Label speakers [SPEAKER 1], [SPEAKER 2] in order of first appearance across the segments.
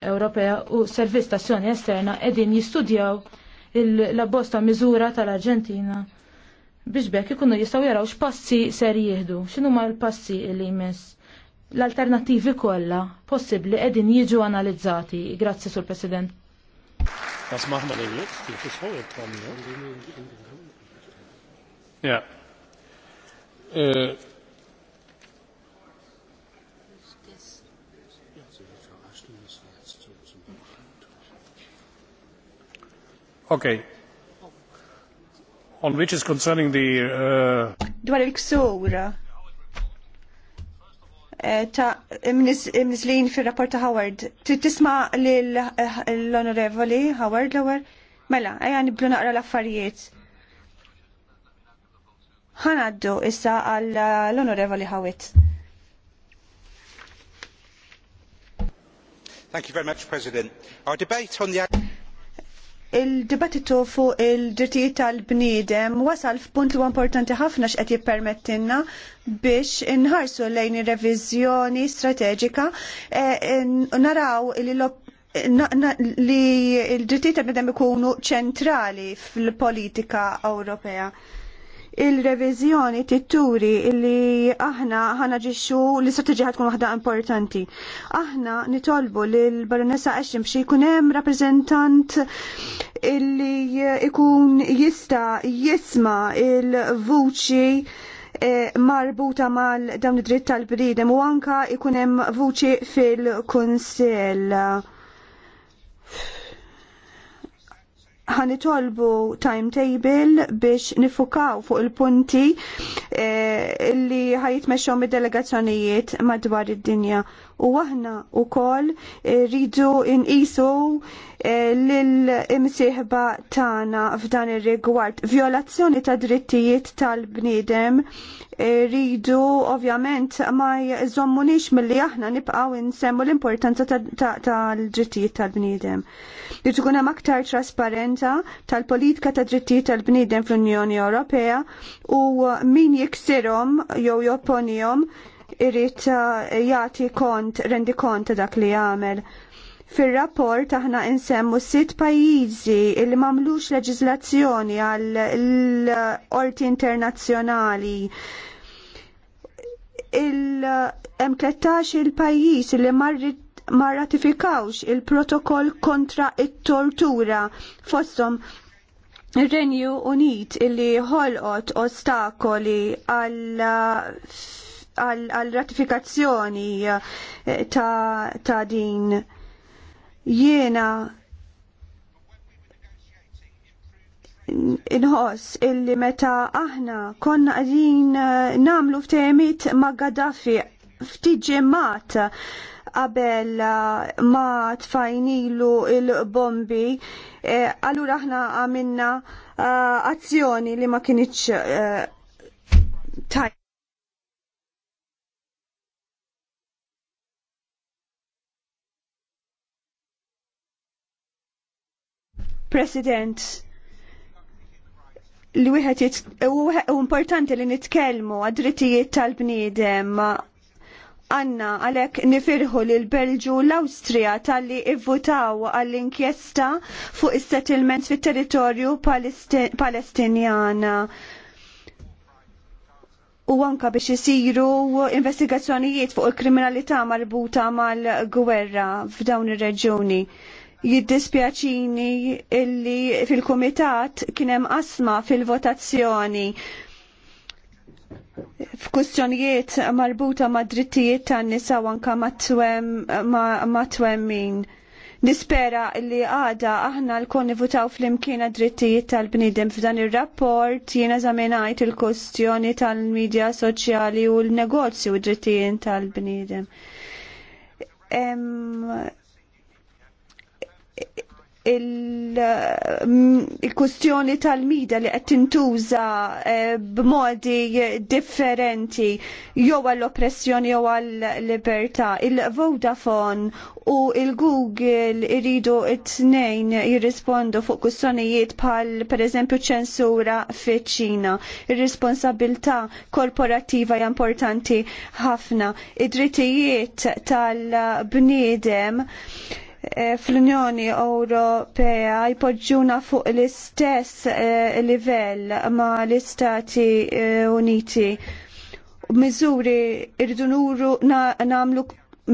[SPEAKER 1] Ewropea u Servizz Tazzjoni Esterna edin jistudjaw l-abbosta miżura tal argentina biex bekk ikunu jistaw jaraw x'passi ser jieħdu, x'inhu ma l-passi li jmiss. l alternativi kollha possibbli qegħdin jiġu analizzati. Grazzi sul President.
[SPEAKER 2] Was Ja. Äh, Uh, Dwar il-ksur eh, ta' imnislin fil rapport ta' Howard. Tisma eh, l-onorevoli Howard l-ewel? Mela, eja nibdu naqra l-affarijiet. Ħanaddu issa għal eh, l-onorevoli Howard. Thank you very much, President. Our debate on the il-dibattitu fuq il-drittijiet tal-bniedem wasal f'punt li importanti ħafna x'qed jippermettilna biex inħarsu lejn ir-reviżjoni strateġika e, naraw li li l-drittijiet tal bnidem ikunu ċentrali fil-politika Ewropea il-revizjoni titturi li aħna ħana ġiċu li istrateġija tkun waħda importanti. Aħna nitolbu li l-baronessa Ashim xie hemm rappresentant illi ikun jista jisma il-vuċi eh, marbuta mal dawn id-dritt tal-bridem u anka ikunem vuċi fil-kunsel ħanitolbu timetable biex nifukaw fuq il-punti eh, li ħajitmexxhom id-delegazzjonijiet madwar id-dinja u aħna wkoll eh, rridu nqisu eh, lill imsieħba tagħna f'dan ir-rigward. Violazzjoni ta' drittijiet tal-bniedem eh, rridu ovvjament ma jżommunix milli aħna nibqgħu nsemmu l-importanza tal-drittijiet tal-bniedem. Rridu kuna hemm aktar trasparenza tal-politika ta' drittijiet tal-bniedem fl-Unjoni Ewropea u min jiksirhom jew jopponihom jo irrit eh, jati kont, rendi kont dak li għamel. Fil-rapport aħna insemmu sitt pajjiżi li mamlux leġizlazzjoni għal l-orti internazzjonali. Il-13 il il li marrit ma ratifikawx il-protokoll kontra it-tortura fossom Renju Unit illi ħolqot ostakoli għal għal ratifikazzjoni eh, ta', ta din jiena inħoss illi meta aħna konna għadin eh, namlu f'temit ma' Gaddafi ftit mat qabel eh, ma tfajnilu il-bombi, allura aħna għamilna azzjoni li ma kienieċ tajba. President, li wieħed u importanti li nitkellmu għad-drittijiet tal-bniedem għanna għalhekk nifirħu li l-Belġu l awstrija talli li ivvutaw għall-inkjesta fuq is-settlement fit territorju palestinjana. U anka biex isiru investigazzjonijiet fuq il-kriminalità marbuta mal-gwerra f'dawn ir-reġjuni jiddispjaċini illi fil-kumitat kienem asma fil-votazzjoni f'kustjonijiet marbuta ma' drittijiet tan-nisa wanka anka ma' twemmin. Nispera li għada aħna l-konni votaw fl-imkien drittijiet tal-bnidem f'dan il-rapport jiena zamenajt il-kustjoni tal-medja soċjali u l-negozju drittijiet tal-bnidem il-kustjoni il tal-mida li qed tintuża eh, b'modi differenti jew għall-oppressjoni jew għall-libertà. Il-Vodafone u il-Google iridu it-tnejn jirrispondu fuq kustjonijiet bħal pereżempju ċensura fiċ-Ċina. Ir-responsabilità korporattiva hija importanti ħafna. Id-drittijiet tal-bniedem Eh, fl-Unjoni Ewropea jpoġġuna fuq l-istess eh, livell ma l-Istati eh, Uniti. Miżuri irridu nuru namlu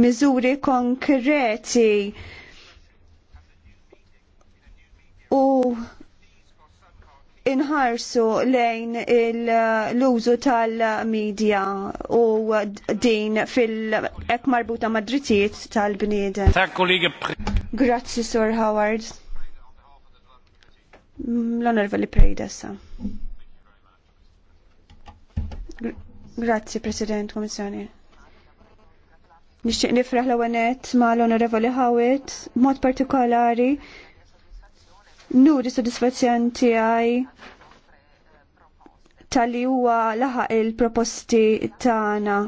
[SPEAKER 2] miżuri konkreti u inħarsu lejn l-użu tal-medja u din fil-ek marbuta madritiet tal-bniedem. Grazzi, Sir Howard. L-onorvali prejdessa. Grazzi, President, Komissjoni. Nixtieq nifraħ l-għanet ma l-onorevoli Hawit, mod partikolari nuri soddisfazzjon tiegħi tal-li huwa laħaq il-proposti tagħna.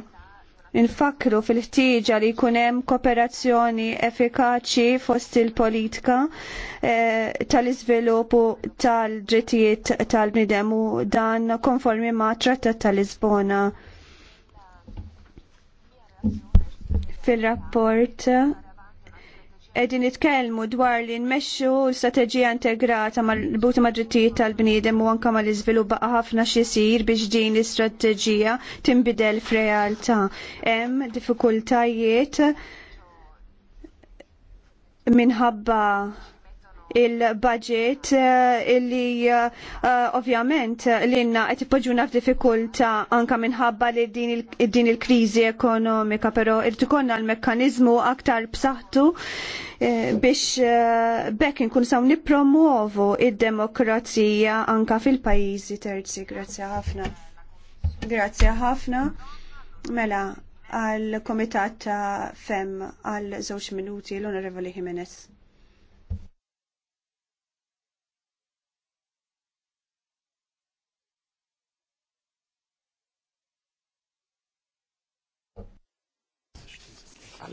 [SPEAKER 2] Infakru fil-ħtieġa li jkun hemm kooperazzjoni effikaċi fost il-politika eh, tal-iżvilupp tal-drittijiet tal-bnidem u dan konformi ma' trattat tal-Lisbona. Fil-rapport edin nitkellmu dwar li nmexxu strateġija integrata mal-buti mad-drittijiet tal-bniedem u anke mal-iżvilupp baqa' ħafna xisir biex din l-istrateġija tinbidel f'realtà. Hemm difikultajiet minħabba il-budget eh, illi eh, ovvjament l-inna għet poġuna f'difikulta anka minħabba li din il-krizi ekonomika, pero irtikonna l-mekkanizmu aktar b'saħtu eh, biex bekk nkun saw nipromuovu id-demokrazija anka fil pajjiżi terzi. Grazzi ħafna. Grazzi ħafna. Mela, għal komitat ta' FEM għal żewġ minuti l-Onorevoli Jimenez.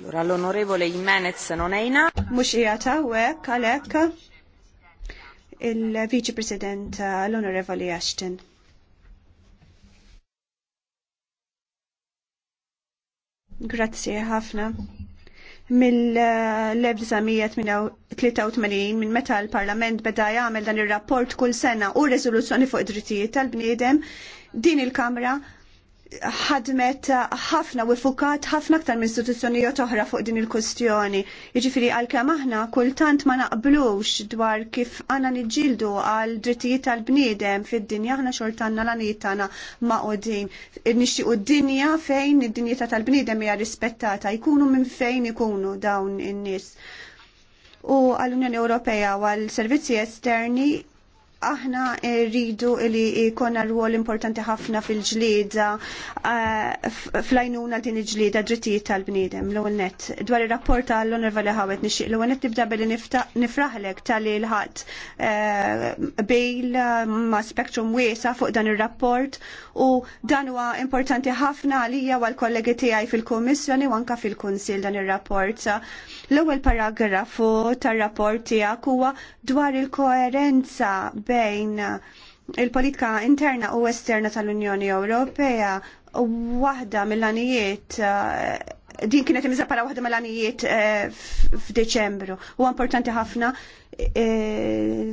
[SPEAKER 3] Allora, l-onorevole Jimenez non è in aula.
[SPEAKER 2] Mux wek, għalek, il-Vice President l-onorevole Ashton. Grazie ħafna. Mill-1983 minn meta l-Parlament beda jagħmel dan ir-rapport kull sena u r-reżoluzzjoni fuq id-drittijiet tal-bniedem din il-Kamra ħadmet ħafna u fukat ħafna aktar minn istituzzjonijiet oħra fuq din il-kwestjoni. Jiġifieri għalkemm aħna kultant ma naqblux dwar kif għandna niġġieldu għal drittijiet tal-bniedem fid-dinja aħna xortanna l-għanijiet tagħna ma' qudin. Nixtiequ d-dinja fejn id-dinjità tal-bniedem hija rispettata, jkunu minn fejn ikunu dawn in-nies. U għall-Unjoni Ewropea u għall-Servizzi Esterni aħna eh, rridu li jkollna rwol importanti ħafna fil-ġlieda eh, fl-għajnuna din il-ġlieda drittijiet tal-bniedem l net dwar ir-rapport tal-Onorevoli Ħawet nixtieq l net nibda billi nifraħlek tal-li l-ħadd eh, bejl ma' spektrum wiesa fuq dan ir-rapport u dan huwa importanti ħafna għalija għal kollegi tiegħi fil-Kummissjoni u anke fil-Kunsil dan ir-rapport. L-ewwel paragrafu tar-rapport tiegħek huwa dwar il-koerenza bejn il-politika interna u esterna tal-Unjoni Ewropea waħda mill-anijiet din kienet imiza pala waħda mal-għanijiet eh, f'Deċembru. U importanti ħafna eh,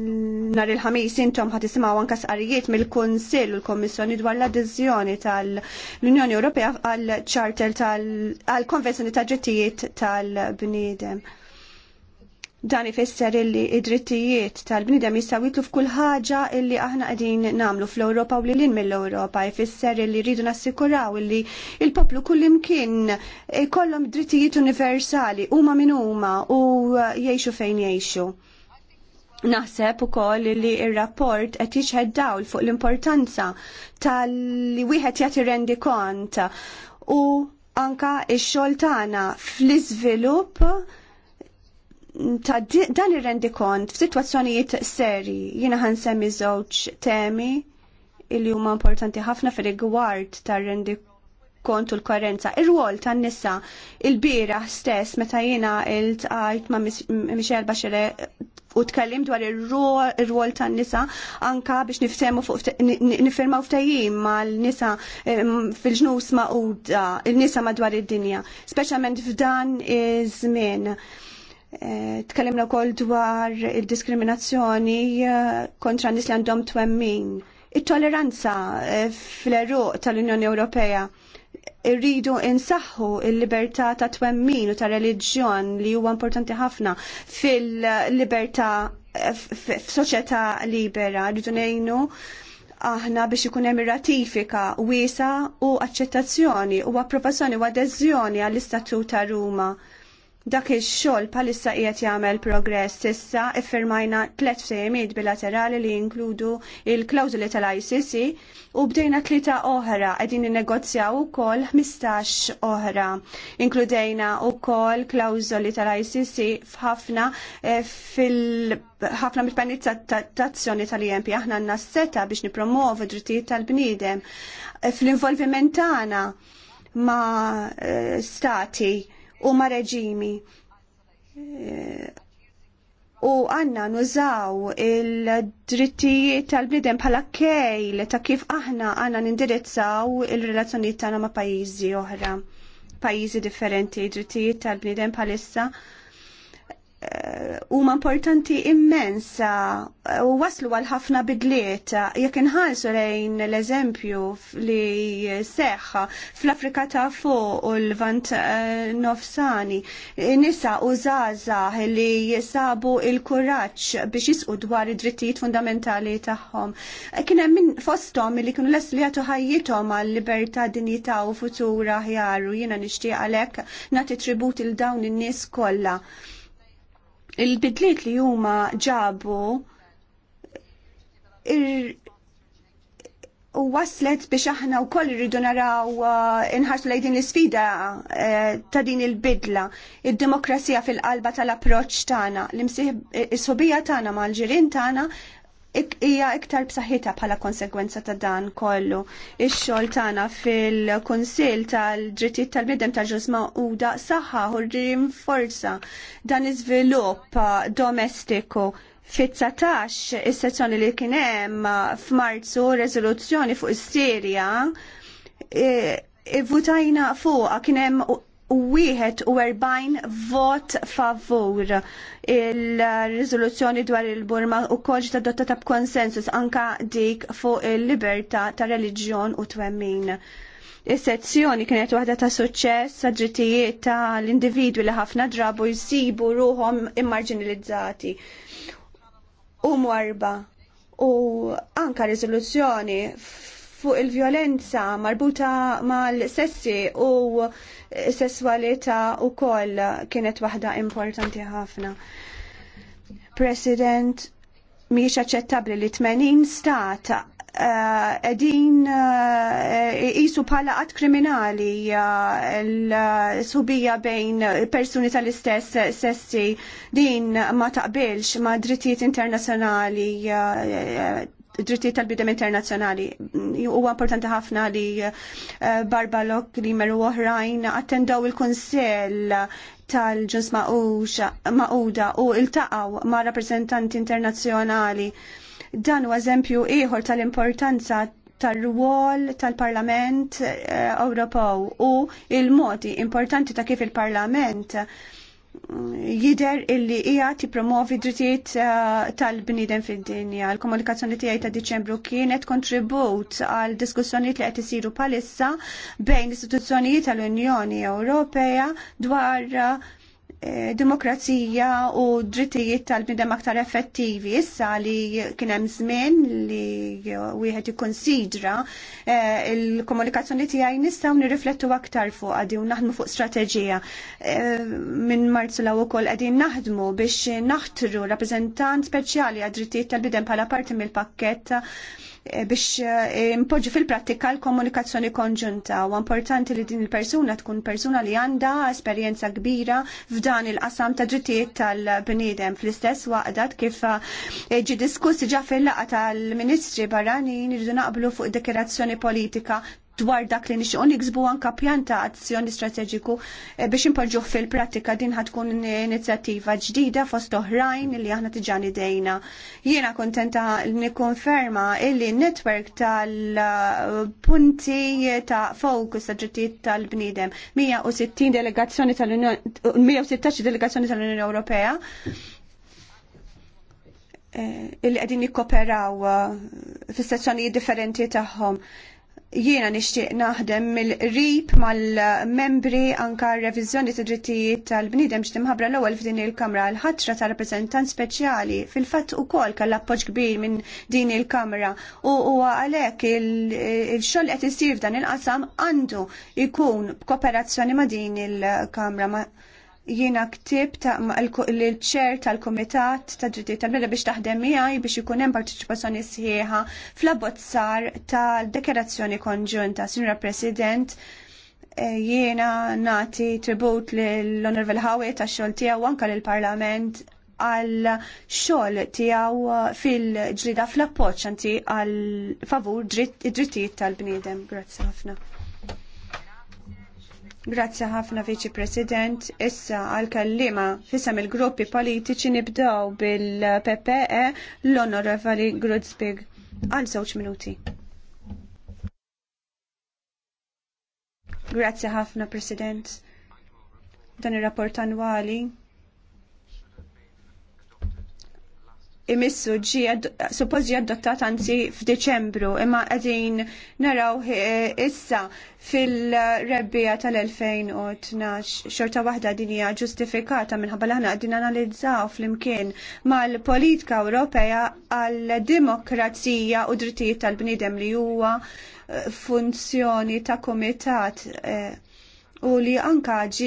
[SPEAKER 2] nar il-ħamis intom ħat isimaw anka sqarijiet mill-Kunsill u l-Kommissjoni dwar l għal-ċartel tal-Konvenzjoni tal-ġettijiet tal-Bnidem. tal-Unjoni Ewropea għal-Charter tal-Konvenzjoni ta' ġittijiet tal-Bniedem. Dan ifisser illi id-drittijiet tal-bnidem jistgħu f'kull ħaġa illi aħna qegħdin nagħmlu fl-Ewropa u lilin mill-Ewropa. Ifisser illi rridu nassikuraw illi il-poplu kullimkien jkollhom drittijiet universali huma minn huma u uh, jgħixu fejn jgħixu. Naħseb ukoll li ir-rapport qed jixħed dawl fuq l-importanza tal-li wieħed jagħti rendi kont u anka x-xogħol tagħna fl-iżvilupp ta' dan ir-rendi kont f'sitwazzjonijiet seri jiena ħansemmi żewġ temi li huma importanti ħafna fir-rigward tar-rendi kont u l-koerenza. Ir-rwol tan-nisa il-bira stess meta jiena iltqajt ma' Michelle Bachelet u tkellim dwar ir-rwol tan-nisa anka biex niftemu fuq nifirmaw ftajim mal-nisa fil-ġnus ma' uda, il-nisa madwar id-dinja, speċjalment f'dan iż-żmien Tkellimna wkoll dwar il-diskriminazzjoni kontra nis li għandhom twemmin. It-toleranza fl-eruq tal-Unjoni Ewropea irridu insaħħu il-libertà ta' twemmin u ta' reliġjon li huwa importanti ħafna fil-libertà f'soċjetà libera. Rridu ngħinu aħna biex ikun hemm ratifika wiesa u aċċettazzjoni u approvazzjoni u adeżjoni għall-Istatut ta' Ruma dak ix-xogħol bħalissa qiegħed jagħmel progress issa iffirmajna tliet ftehimiet bilaterali li jinkludu il-klawżuli tal-ICC u bdejna tlieta oħra qegħdin innegozjaw ukoll 15 oħra. Inkludejna wkoll klawżoli tal-ICC f'ħafna eh, fil- ħafna mill-panit tazzjoni tal-IMP aħna għandna s-seta biex nipromovu drittijiet tal-bniedem eh, fl-involviment tagħna ma' eh, stati ma' reġimi eh, u għanna nużaw il-drittijiet tal-bnidem bħala kejl ta' kif aħna għanna nindirizzaw il-relazzjoniet tagħna ma' pajjiżi oħra, pajjiżi differenti, drittijiet tal-bnidem bħalissa Eh, huma importanti immensa eh, u waslu għal ħafna bidliet jekk inħallsu lejn l-eżempju li seħħ fl-Afrika ta' fuq u l-Vant eh, Nofsani nisa u zaza li sabu il-kuraġġ biex jisqu dwar id-drittijiet fundamentali tagħhom. Kien hemm minn fosthom li kienu les li jagħtu ħajjithom għall-libertà, dinjità u futura u jiena nixtieq għalhekk nagħti tribut il dawn in-nies kollha il-bidliet li huma ġabu u waslet biex aħna u koll rridu naraw uh, inħarsu lejn din l-sfida uh, ta' din il-bidla, id-demokrasija fil-qalba tal-approċ tagħna, l imsiħ is-sobija tagħna mal-ġirien tagħna hija iktar b'saħħitha bħala konsegwenza ta' dan kollu. Ix-xogħol tagħna fil-Kunsill tal-Drittijiet tal-Bniedem ta' Ġus Mawda saħħa u rinforza dan iżvilupp domestiku fit-19 is-sezzjoni li kien hemm f'Marzu reżoluzzjoni fuq is-Sirja Ivvutajna fuqa kien hemm Wieħed u 41 vot favur il-rizoluzzjoni dwar il-Burma u kolġ ta' ta' konsensus anka dik fuq il libertà ta' religjon u twemmin. Is-sezzjoni kienet waħda ta' suċċess sa' drittijiet ta' l-individwi li ħafna drabu jsibu ruhom immarġinalizzati. U marba u anka rizoluzzjoni fuq il-violenza marbuta mal-sessi u sessualita u koll kienet waħda importanti ħafna. President, miex aċċettabli li 80 stat eh, edin jisu eh, pala għat kriminali eh, l-subija bejn persuni tal-istess sessi din ma taqbilx ma drittijiet internazjonali drittijiet tal-bidem internazzjonali. Huwa importanti ħafna li eh, Barba li meru oħrajn attendaw il-Kunsell tal-ġus Mauda u iltaqgħu ma' rappreżentanti internazzjonali. Dan u eżempju ieħor tal-importanza tal-ruol tal-Parlament eh, Ewropew u il-modi importanti ta' kif il-Parlament jider illi ti tippromovi drittijiet eh, tal-bniedem fid-dinja. L-komunikazzjoni tiegħi ta' Diċembru kienet kontribut għal diskussjonijiet li qed isiru palissa bejn istituzzjonijiet tal-Unjoni Ewropea dwar demokrazija u drittijiet tal-bnidem aktar effettivi. Issa li kien hemm żmien li wieħed ikkonsidra eh, il-komunikazzjoni tiegħi nistgħu nirriflettu aktar fuq għadi u naħdmu fuq strateġija. Eh, minn Marzu law ukoll qegħdin naħdmu biex naħtru rappreżentant speċjali għad drittijiet tal bidem bħala parti mill-pakkett Eh, biex eh, impoġġu fil-prattika l-komunikazzjoni konġunta u importanti li din il-persuna tkun persuna li għandha esperjenza kbira f'dan il-qasam ta' drittijiet tal-bniedem fl-istess waqdat kif eh, ġi diskuss ġa fil-laqa tal-Ministri barranin irridu naqblu fuq dekorazzjoni politika dwar dak li nixqu niksbu anka ta' azzjoni strateġiku eh, biex impoġġuh fil-pratika din ħatkun inizjattiva ġdida fost oħrajn li aħna tiġani dejna. Jiena kontenta nikkonferma illi n-netwerk tal-punti ta' focus ta' ġittijiet tal-bnidem 160 delegazzjoni tal-Unjoni 116 delegazzjoni tal-Unjoni Ewropea eh, illi qegħdin jikkoperaw eh, fis-sezzjonijiet differenti tagħhom jiena nixtieq naħdem mill qrib mal-membri anka revizjoni ta' drittijiet tal-bniedem x'timħabra l-ewwel f'din il-Kamra l-ħatra ta' rappreżentant speċjali fil-fatt ukoll kellha appoġġ kbir minn din il-Kamra u huwa għalhekk il-xogħol qed isir f'dan il-qasam għandu jkun b'kooperazzjoni ma' din il-Kamra jiena ktib ta' l-ċer tal-Komitat ta' Dritti tal-Bneda biex taħdem miegħi biex ikun hemm partiċipazzjoni sħiħa fl-abbozzar tal dekarazzjoni Konġunta, Sinjora President, eh, jiena nati tribut l-Onorvel Hawi ta' xogħol tiegħu anke lill-Parlament għal xogħol tiegħu fil-ġlida fl-appoġġ anti għal favur id-drittijiet tal-bniedem. Grazzi ħafna. Grazzi ħafna Viċi President. Issa għal-kallima fissam il-gruppi politiċi nibdaw bil-PPE l-Onorevoli Grudzbig. Għal żewġ minuti. Grazzi ħafna President. Dan ir rapport annwali imissu ġi suppost ġi adottat anzi f'Deċembru imma qegħdin naraw eh, issa fil-rebbija tal-2012 xorta waħda din hija ġustifikata minħabba li ħana qegħdin analizzaw flimkien mal-politika Ewropea għall-demokrazija u drittijiet tal-bniedem li huwa eh, funzjoni ta' komitat eh, u li anka ġi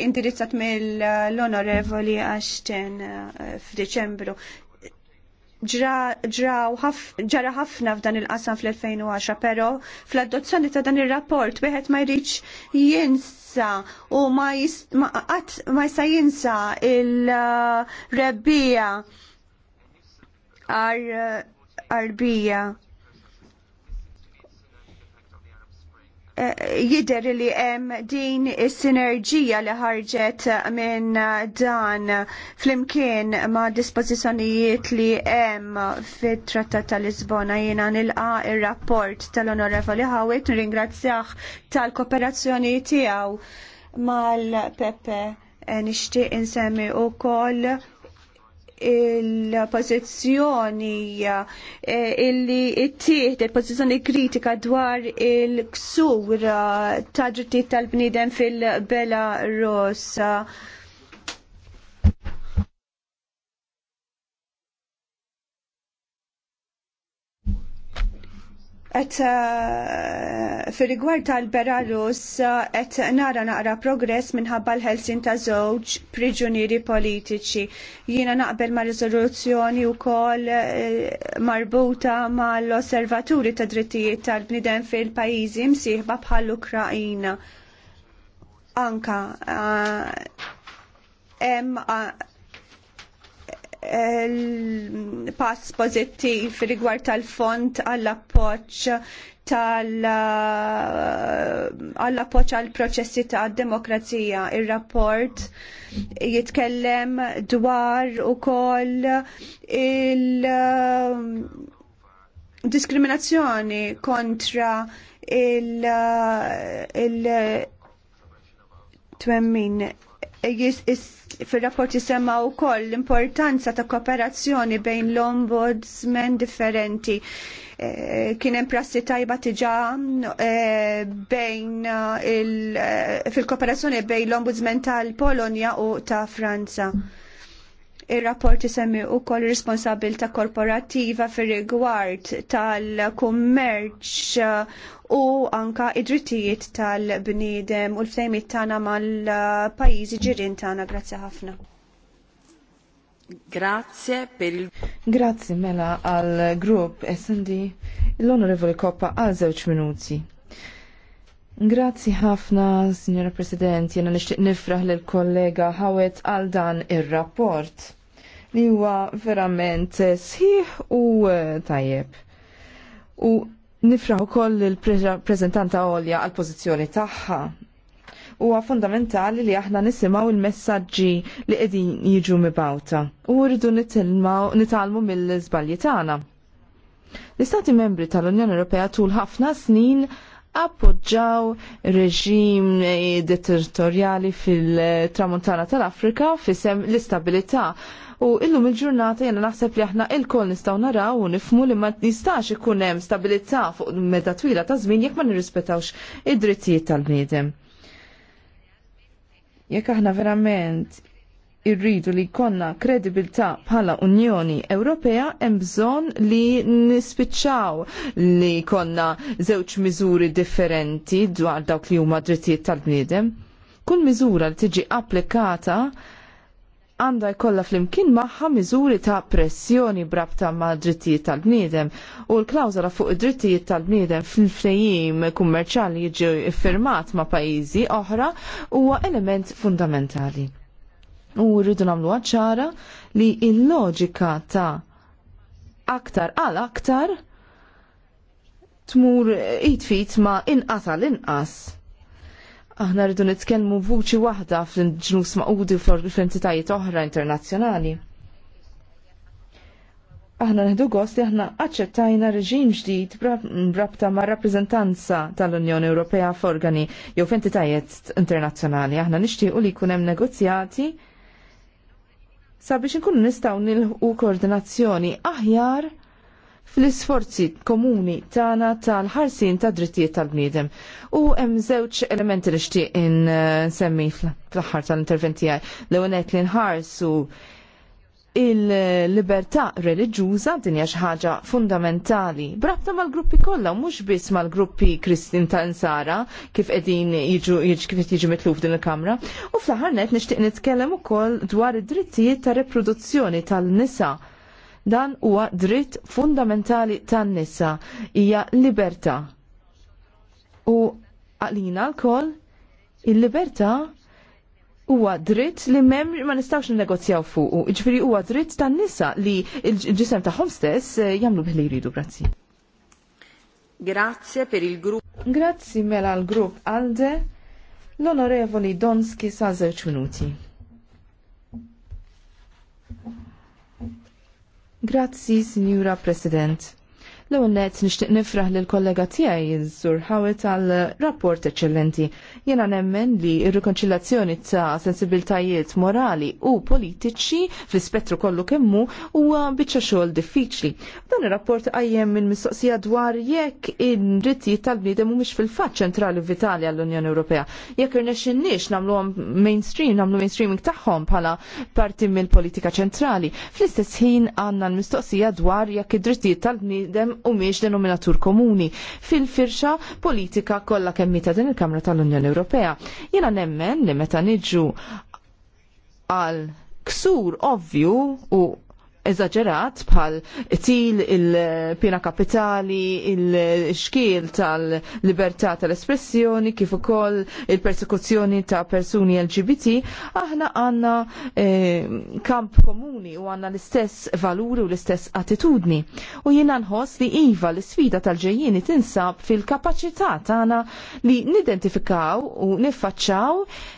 [SPEAKER 2] indirizzat mill-onorevoli Ashton eh, f'Deċembru. Ġara ħafna f'dan il-qasam fl-2010, pero fl-adozzjoni ta' dan il-rapport wieħed ma jridx jinsa u ma jista' jinsa il-rebbija arbija jider li hemm din is-sinerġija li ħarġet minn dan flimkien ma' dispożizzjonijiet li hemm fit-Trattat ta' Lisbona jiena nilqa r rapport tal-Onorevoli Hawit nirringrazzjah tal-kooperazzjoni tiegħu mal-Pepe eh, nixtieq insemmi wkoll il-pozizjoni eh, illi tieħed il-pozizjoni kritika dwar il-ksur ta' ġittijiet tal-bniedem fil Bela Rossa. Et uh, eh, fil-rigward tal-Belarus, eh, et nara naqra progress minħabba l-ħelsin ta' żewġ priġunieri politiċi. Jiena naqbel ma' riżoluzzjoni u kol eh, marbuta ma' l-osservaturi ta' drittijiet tal-bnidem fil-pajizi msieħba bħal Ukrajina. Anka, uh, em, uh, pass pozittiv rigward tal-font għall-appoċ tal-appoċ eh, għall-proċessi ta' demokrazija. Il-rapport jitkellem dwar u koll il-diskriminazzjoni eh, kontra il-twemmin il eh, fil-rapport jisema u koll l-importanza ta' kooperazzjoni bejn l-ombudsmen differenti. Eh, kienem prassi tajba tiġa eh, bejn eh, fil-kooperazzjoni bejn l-ombudsmen tal-Polonja u ta' Franza. Ir-rapporti semmi u koll responsabilta korporativa fir rigward tal-kummerċ uh, u anka id-drittijiet tal-bnidem u l-ftejmit tagħna mal-pajjiżi ġirien tagħna. Grazzi ħafna.
[SPEAKER 3] Grazie per il...
[SPEAKER 4] Grazie mela al grupp S&D l onorevoli Koppa għal żewġ minuti. Grazzi ħafna, Signora President, jena nixtieq nifraħ lill kollega Hawet għal dan ir-rapport li huwa verament sħiħ u eh, tajjeb. U nifraħu koll il-prezentanta għolja għal pożizzjoni tagħha. Huwa fundamentali li aħna nisimgħu il-messaġġi li qegħdin jiġu mibawta u rridu nitalmu mill-żbalji tagħna. L-Istati membri tal-Unjoni Ewropea tul ħafna snin appoġġaw reġim eh, dittatorjali fil-tramuntana tal-Afrika fisem l-istabilità U illum il-ġurnata jena naħseb li aħna il-kol nistaw naraw u nifmu li ma nistax ikun hemm stabilità fuq meta twila ta' żmien jekk ma nirrispetawx id-drittijiet tal-bniedem. Jekk aħna verament irridu li konna kredibilità bħala Unjoni Ewropea hemm bżonn li nispiċċaw li konna żewġ miżuri differenti dwar dawk li huma drittijiet tal-bniedem. Kull miżura li tiġi applikata għandha jkollha flimkien magħha miżuri ta' pressjoni brabta ma' drittijiet tal-bniedem u l-klawżola fuq id-drittijiet tal-bniedem fil-frejim kummerċali jiġi iffirmat ma' pajjiżi oħra huwa element fundamentali. U rridu nagħmlu ċara li il-loġika ta' aktar għal aktar tmur it-fit ma' inqas l inqas aħna rridu nitkellmu vuċi waħda fl-ġnus maqudi u fl-entitajiet oħra internazzjonali. Aħna neħdu gost li aħna aċċettajna reġim ġdid brabta ma' rappreżentanza tal-Unjoni Ewropea f'organi jew f'entitajiet internazzjonali. Aħna nixtiequ li jkun hemm negozjati sabiex nkunu nistgħu nilħu koordinazzjoni aħjar fl-isforzi komuni tagħna tal-ħarsin ta' drittijiet tal-bniedem. U hemm żewġ elementi li xtieq insemmi fl-aħħar tal interventi tiegħi. L-ewwel li nħarsu il-libertà reliġjuża din hija xi ħaġa fundamentali. Brabta mal-gruppi kollha mhux biss mal-gruppi Kristin ta' Insara kif qegħdin jiġu kif qed jiġu mitluf din il-kamra. U fl-aħħar nett nixtieq nitkellem ukoll dwar id-drittijiet ta' reproduzzjoni tal-nisa Dan huwa dritt fundamentali tan-nisa, hija libertà. U għalina l-koll, il-libertà huwa dritt li mem ma nistawx negozjaw fuq. Ġifieri huwa dritt tan-nisa li l-ġisem tagħhom stess eh, jagħmlu bħli jridu, grazzi. Grazie per il grupp Grazzi mela l grupp Alde l-Onorevoli Donski sa' żewġ minuti. Grazzi, Signora President. L-ewwel nett nixtieq nifraħ l kollega tiegħi jizzur Ħawet tal rapport eċċellenti. Jiena nemmen li r-rikonċillazzjoni ta' sensibiltajiet morali u politiċi fl-ispettru kollu kemmu u biċċa xogħol diffiċli. Dan ir-rapport għajjem minn mistoqsija dwar jekk in-rittijiet tal-bniedem mux fil-fatt ċentrali vitali għall-Unjoni Ewropea. Jekk irnexxinniex nagħmluhom mainstream, nagħmlu mainstreaming tagħhom bħala parti mill-politika ċentrali. Fl-istess ħin għandna l-mistoqsija dwar jekk id-drittijiet tal-bniedem u miex denominatur komuni fil-firxa politika kollha kemm ta' din il-Kamra tal-Unjoni Ewropea. Jiena nemmen li meta niġu għal ksur ovvju u eżaġerat bħal til il-pina kapitali, il-xkiel tal-libertà tal-espressjoni, kif ukoll il-persekuzzjoni ta' persuni LGBT, aħna għanna eh, kamp komuni u għanna l-istess valuri u l-istess attitudni. U jiena nħoss li iva l-sfida tal ġejjini tinsab fil-kapacità tagħna li nidentifikaw u niffaċċaw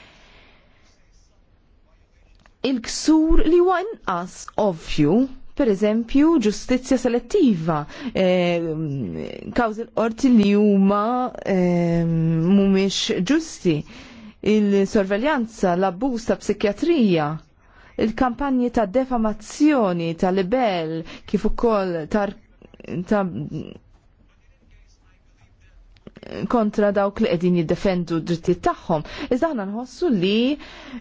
[SPEAKER 4] il-ksur li huwa inqas ovvju per eżempju ġustizzja selettiva, eh, l qorti li huma eh, mhumiex ġusti, il-sorveljanza, l-abbuż ta' psikjatrija, il-kampanji ta' defamazzjoni, ta' libel, kif ukoll ta kontra dawk li qegħdin jiddefendu d-drittijiet tagħhom. Iżda aħna nħossu li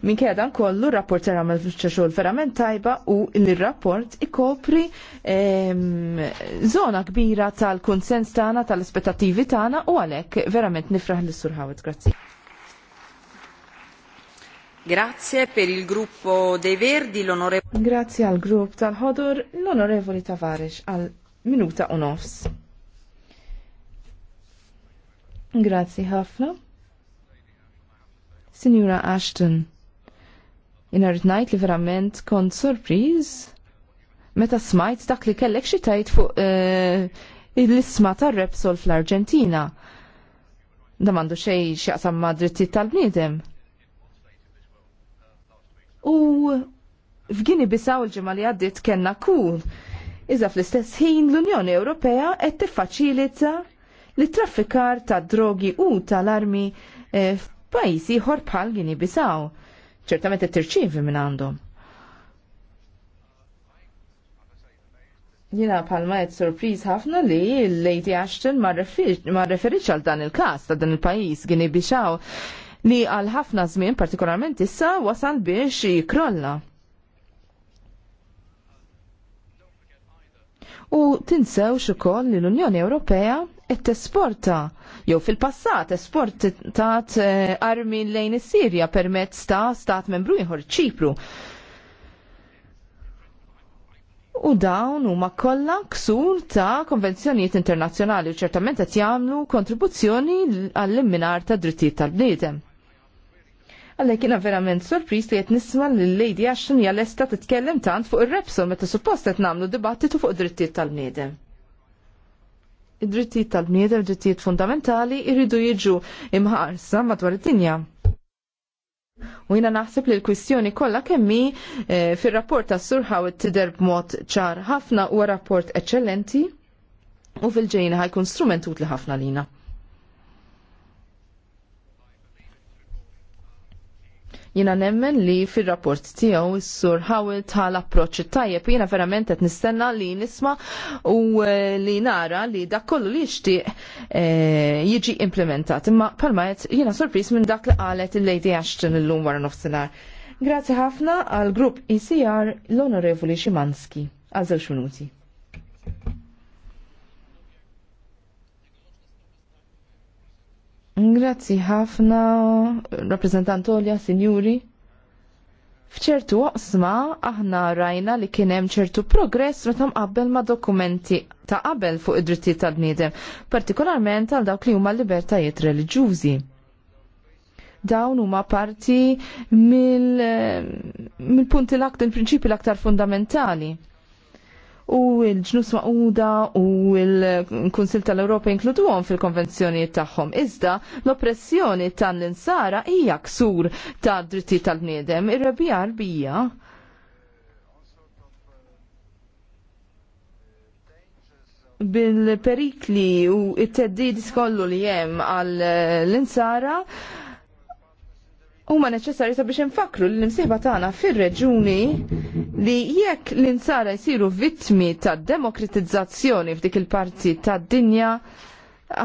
[SPEAKER 4] minkejja dan kollu r-rapport era mal xogħol verament tajba u li r-rapport ikopri ehm, zona kbira tal-kunsens tagħna, tal aspettattivi tagħna u għalhekk verament nifraħ lis sur Hawet. Grazzi.
[SPEAKER 3] Grazie per il gruppo dei Verdi, l'onorevole. Grazie
[SPEAKER 4] al gruppo tal-ħodur, l-onorevoli Tavares, al minuta u nofs. Grazzi ħafna. Sinjura Ashton, inarit najt li verament kont surprise. meta smajt dak li kellek xi tajt fuq uh, l-isma tar Repsol fl-Arġentina. Da mandu xej xaqsam ma' drittijiet tal-bniedem. U f'gini bisaw il-ġimgħa li għaddiet kellna kull. Iżda fl-istess ħin l-Unjoni Ewropea qed tiffaċilita li traffikar ta' drogi u tal-armi eh, f'pajsi ħor bħal Gini Bisaw. Ċertament tirċievi minn għandhom. Jina palma jett sorpriż ħafna li l-Lady Ashton ma referiċ għal dan il-kas ta' dan il-pajis gini bixaw li għal ħafna żmien partikolarment issa wasal biex jikrolla. U tinsewx ukoll li l-Unjoni Ewropea qed tesporta jew fil-passat esportat eh, armi lejn is-Sirja permezz ta' stat membru ieħor ċipru. U dawn huma kollha ksur ta' konvenzjonijiet internazzjonali u ċertament qed jagħmlu kontribuzzjoni għall-imminar ta' drittijiet tal-bniedem. Għalhekk kiena verament sorpriż li qed nisma' lill Lady Ashton hija lesta titkellem tant fuq ir-Repsol meta suppost qed nagħmlu dibattitu fuq drittijiet tal-bniedem id-drittijiet tal-bniedem, id-drittijiet fundamentali irridu jiġu imħarsa madwar id-dinja. U jina naħseb li l-kwistjoni kollha kemmi e, fir-rapport ta' Surħaw tidher b'mod ċar ħafna huwa rapport eċċellenti u fil-ġejna ħajkun strument utli ħafna lina. Jina nemmen li fil-rapport tiegħu s-sur ħawil tal-approċċ tajjeb jina verament qed nistenna li nisma' u eh, li nara li dak kollu li jixtieq eh, jiġi implementat. Imma palma qed jiena surpris minn dak li qalet il-Lady Ashton illum wara nofsinhar. Grazzi ħafna għal grupp ICR e l-Onorevoli Ximanski. Għal żewġ minuti. Grazzi ħafna, rappresentantolja, sinjuri. Fċertu waqsma aħna rajna li kien hemm ċertu progress meta mqabbel ma' dokumenti ta' qabel fuq id-drittijiet tal-bniedem, partikolarment għal dawk li huma libertajiet reliġjużi. Dawn huma parti eh, mill-punti mil l-aktar, il-prinċipi l-aktar fundamentali u l-ġnus maquda u l-Kunsil tal-Europa inkluduhom fil-konvenzjoni tagħhom. Iżda l-oppressjoni tan insara hija ksur ta' dritti tal-bniedem, ir rabija arbija. bil-perikli u it-teddid kollu li jem għal l-insara huma neċessarji sabiex infakru l imsieħba tagħna fir-reġuni li jekk l-insara jsiru vittmi ta' demokratizzazzjoni f'dik il-parti tad dinja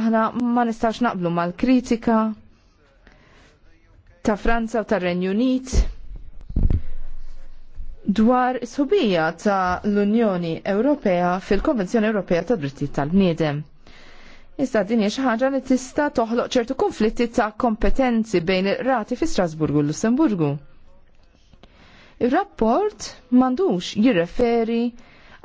[SPEAKER 4] aħna ma nistax naqblu mal-kritika ta' Franza u tar Renju Unit dwar subija ta' l-Unjoni Ewropea fil-Konvenzjoni Ewropea ta' Dritti tal-Bniedem. Issa din hija xi ħaġa li tista' toħloq ċertu konflitti ta' kompetenzi bejn ir-rati fi Strasburgu u Lussemburgu. Ir-rapport m'għandux jirreferi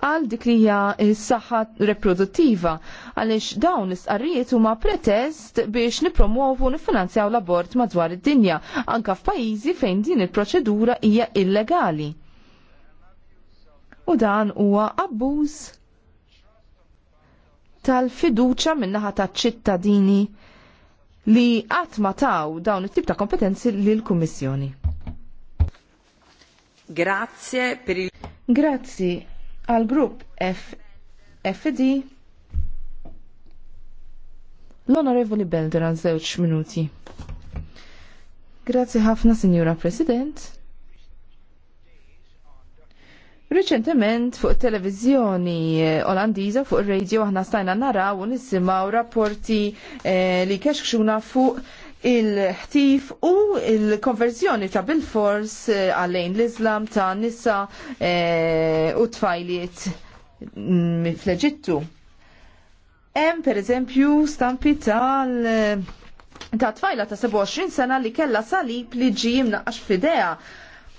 [SPEAKER 4] għal dik li hija s-saħħa reproduttiva għaliex dawn l-isqarrijiet huma pretest biex nippromuovu nifinanzjaw l-abort madwar id-dinja anke f'pajjiżi fejn din il-proċedura hija illegali. U dan huwa abbuż tal-fiduċa minnaħa ta' ċittadini li qatt ma taw dawn it-tip ta' kompetenzi lill kummissjoni
[SPEAKER 3] Grazie per il...
[SPEAKER 4] Grazzi al grupp FD l-Onorevoli Belder għal żewġ minuti. Grazzi ħafna, Signora President. Reċentement fuq televizjoni eh, Olandiża fuq ir-radio aħna stajna naraw u nisimgħu rapporti eh, li kexkxuna fuq il-ħtif u il-konverzjoni ta' bil-fors eh, għalejn l-Islam ta' nisa u tfajliet mm, fl-Eġittu. Hemm pereżempju stampi tal ta' tfajla ta' 27 sena li kella salib li ġi jimnaqax fidea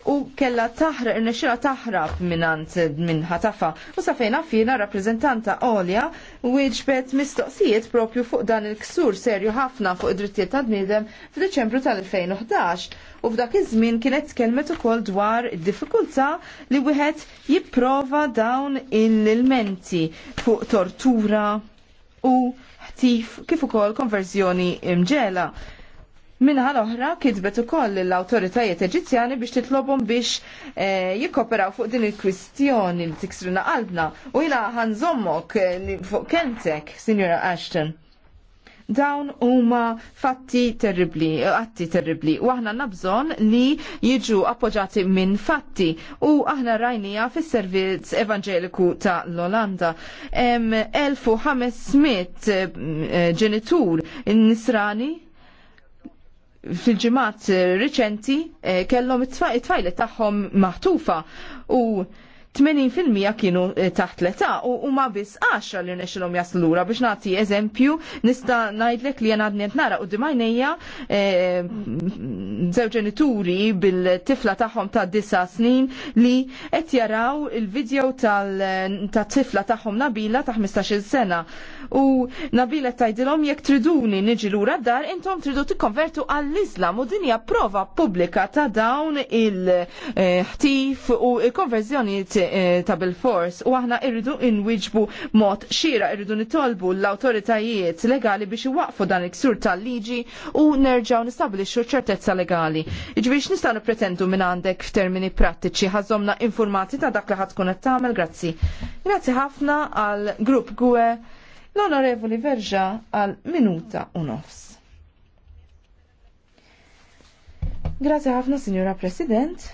[SPEAKER 4] u kella taħra, nexira taħrab minnant minn ħatafa. U safejna fina rappresentanta Olja u iġbet mistoqsijiet propju fuq dan il-ksur serju ħafna fuq id-drittijiet ta' bniedem f'Deċembru tal-2011. U f'dak iż-żmien kienet tkellmet ukoll dwar id-diffikultà li wieħed jipprova dawn il-menti fuq tortura u ħtif kif ukoll konverzjoni mġela. Minħal oħra kitbet ukoll l-awtoritajiet Eġizzjani biex titlobhom biex eh, jikkoperaw fuq din il-kwistjoni li tiksrina qalbna u jina ħanżommok eh, fuq kentek, Sinjora Ashton. Dawn huma fatti terribli, eh, atti terribli, u aħna nabżon li jiġu appoġġati minn fatti u aħna rajnija fis servizz evanġeliku ta' l-Olanda. 1500 ġenitur nisrani fil-ġimat eh, riċenti eh, kellhom it-tfajlet tagħhom maħtufa u 80% kienu eh, taħt l-età u huma biss 10 li nexilhom jaslura biex nagħti eżempju nista' ngħidlek li jena għadniet nara u dimajnejja żew eh, ġenituri bil-tifla tagħhom ta' disa snin li qed jaraw il-video ta' tifla tagħhom Nabila ta' 15-il sena. U Nabila tajdilhom jekk triduni niġi lura dar intom tridu tikkonvertu għall-Islam u dinja prova pubblika ta' dawn il-ħtif eh, u il-konverżjoni Eh, ta' bil-fors u aħna irridu inwiġbu mod xira irridu nitolbu l-autoritajiet legali biex iwaqfu dan il-ksur tal-liġi u nerġaw nistabilixxu ċertezza legali. Iġbiex nistgħu nippretendu minn għandek f'termini prattiċi ħazzomna informati ta' dak li ħad tkun qed tagħmel, grazzi. Grazzi ħafna għal grupp Gwe l-Onorevoli Verġa għal minuta u nofs. Grazie ħafna, Signora President.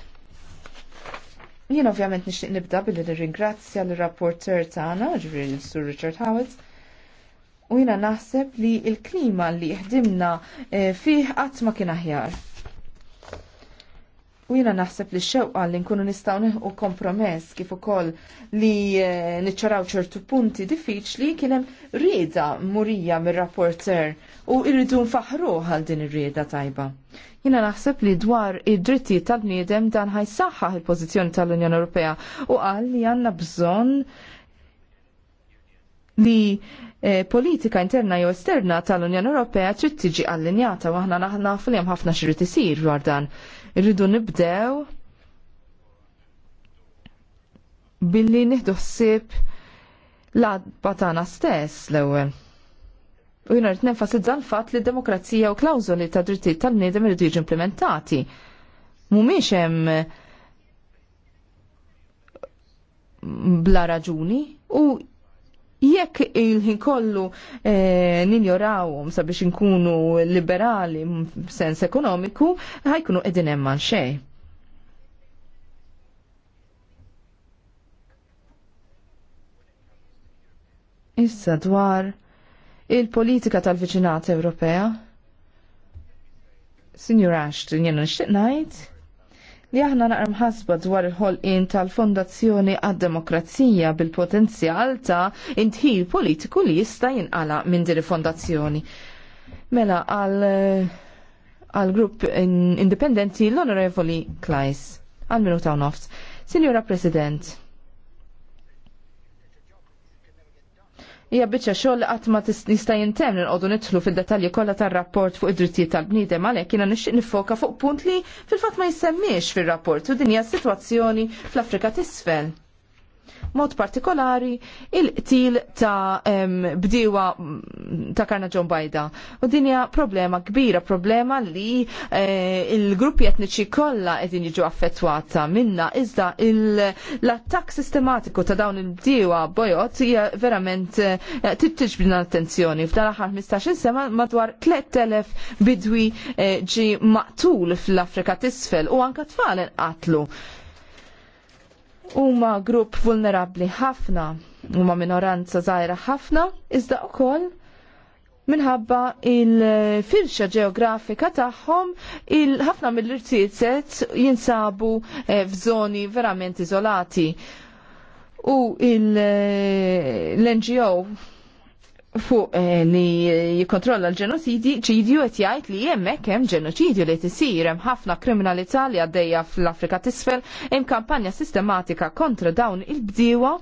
[SPEAKER 4] Jien ovvjament nixtieq nibda billi nirringrazzja l rapporter tagħna, ġifieri Sur Richard Howells, u jiena naħseb li l klima li ħdimna eh, fih qatt ma kien aħjar. U jina naħseb li xewqa li nkunu nistaw neħu kompromess kif ukoll li eh, niċċaraw ċertu punti diffiċli kienem rieda murija mir-rapporter u irridu nfaħru għal din ir-rieda tajba. Jina naħseb li dwar id-dritti tal-bniedem dan saħħa il-pożizzjoni tal-Unjoni Ewropea u qal li għandna bżonn li eh, politika interna jew esterna tal-Unjoni Ewropea trid tiġi allinjata u aħna naħna fil jem ħafna xirrid isir dwar dan. Irridu nibdew billi nieħdu ħsieb l-adba tagħna stess l-ewwel. U jiena rrid nenfasizza l-fatt li d-demokrazija u klawżoli ta' drittijiet tal-bniedem irridu jiġu implementati. Mhumiex hemm bla raġuni u jekk il-ħin kollu eh, ninjorawhom sabiex inkunu liberali f'sens ekonomiku, ħajkunu qegħdin hemm man xejn. Issa dwar il-politika tal-viċinat Ewropea. Signor Ashton, jenna nixtieq ngħid li aħna naqra mħasba dwar il-ħolqien tal-Fondazzjoni għad-Demokrazija bil-potenzjal ta' intħil politiku li jista' jinqala minn din il-fondazzjoni. Mela għal għal grupp indipendenti l-Onorevoli Klajs għal minuta u nofs. Signora President, hija biċċa xogħol qatt ma nista' jintemm nirqogħdu nidħlu fid-dettalji kollha tar-rapport fuq id-drittijiet tal-bniedem għalhekk jiena nixtieq nifoka fuq punt li fil-fatt ma jissemmiex fir-rapport u dinja hija sitwazzjoni fl-Afrika t'isfel. Mod partikolari il-qtil ta' bdiewa ta' karna John bajda. U dinja problema kbira, problema li eh, il-gruppi etniċi kollha qegħdin jiġu affettwata minna iżda l-attak sistematiku ta' dawn il-bdiewa bojot hija verament eh, tittiġbina l-attenzjoni. F'dan aħħar 15 sema madwar 3000 bidwi eh, ġi maqtul fl-Afrika tisfel u anka tfal inqatlu huma grupp vulnerabbli ħafna, huma minoranza żgħira ħafna, iżda wkoll minħabba il-firxa ġeografika tagħhom il-ħafna mill-irtiet jinsabu eh, f'żoni verament iżolati. U eh, l-NGO fuq eh, li jikontrolla l ċidju qed jgħid li hemmhekk hemm ġenoċidju li tisir hemm ħafna kriminalità li għaddejja fl-Afrika t'isfel, hemm kampanja sistematika kontra dawn il bdiwa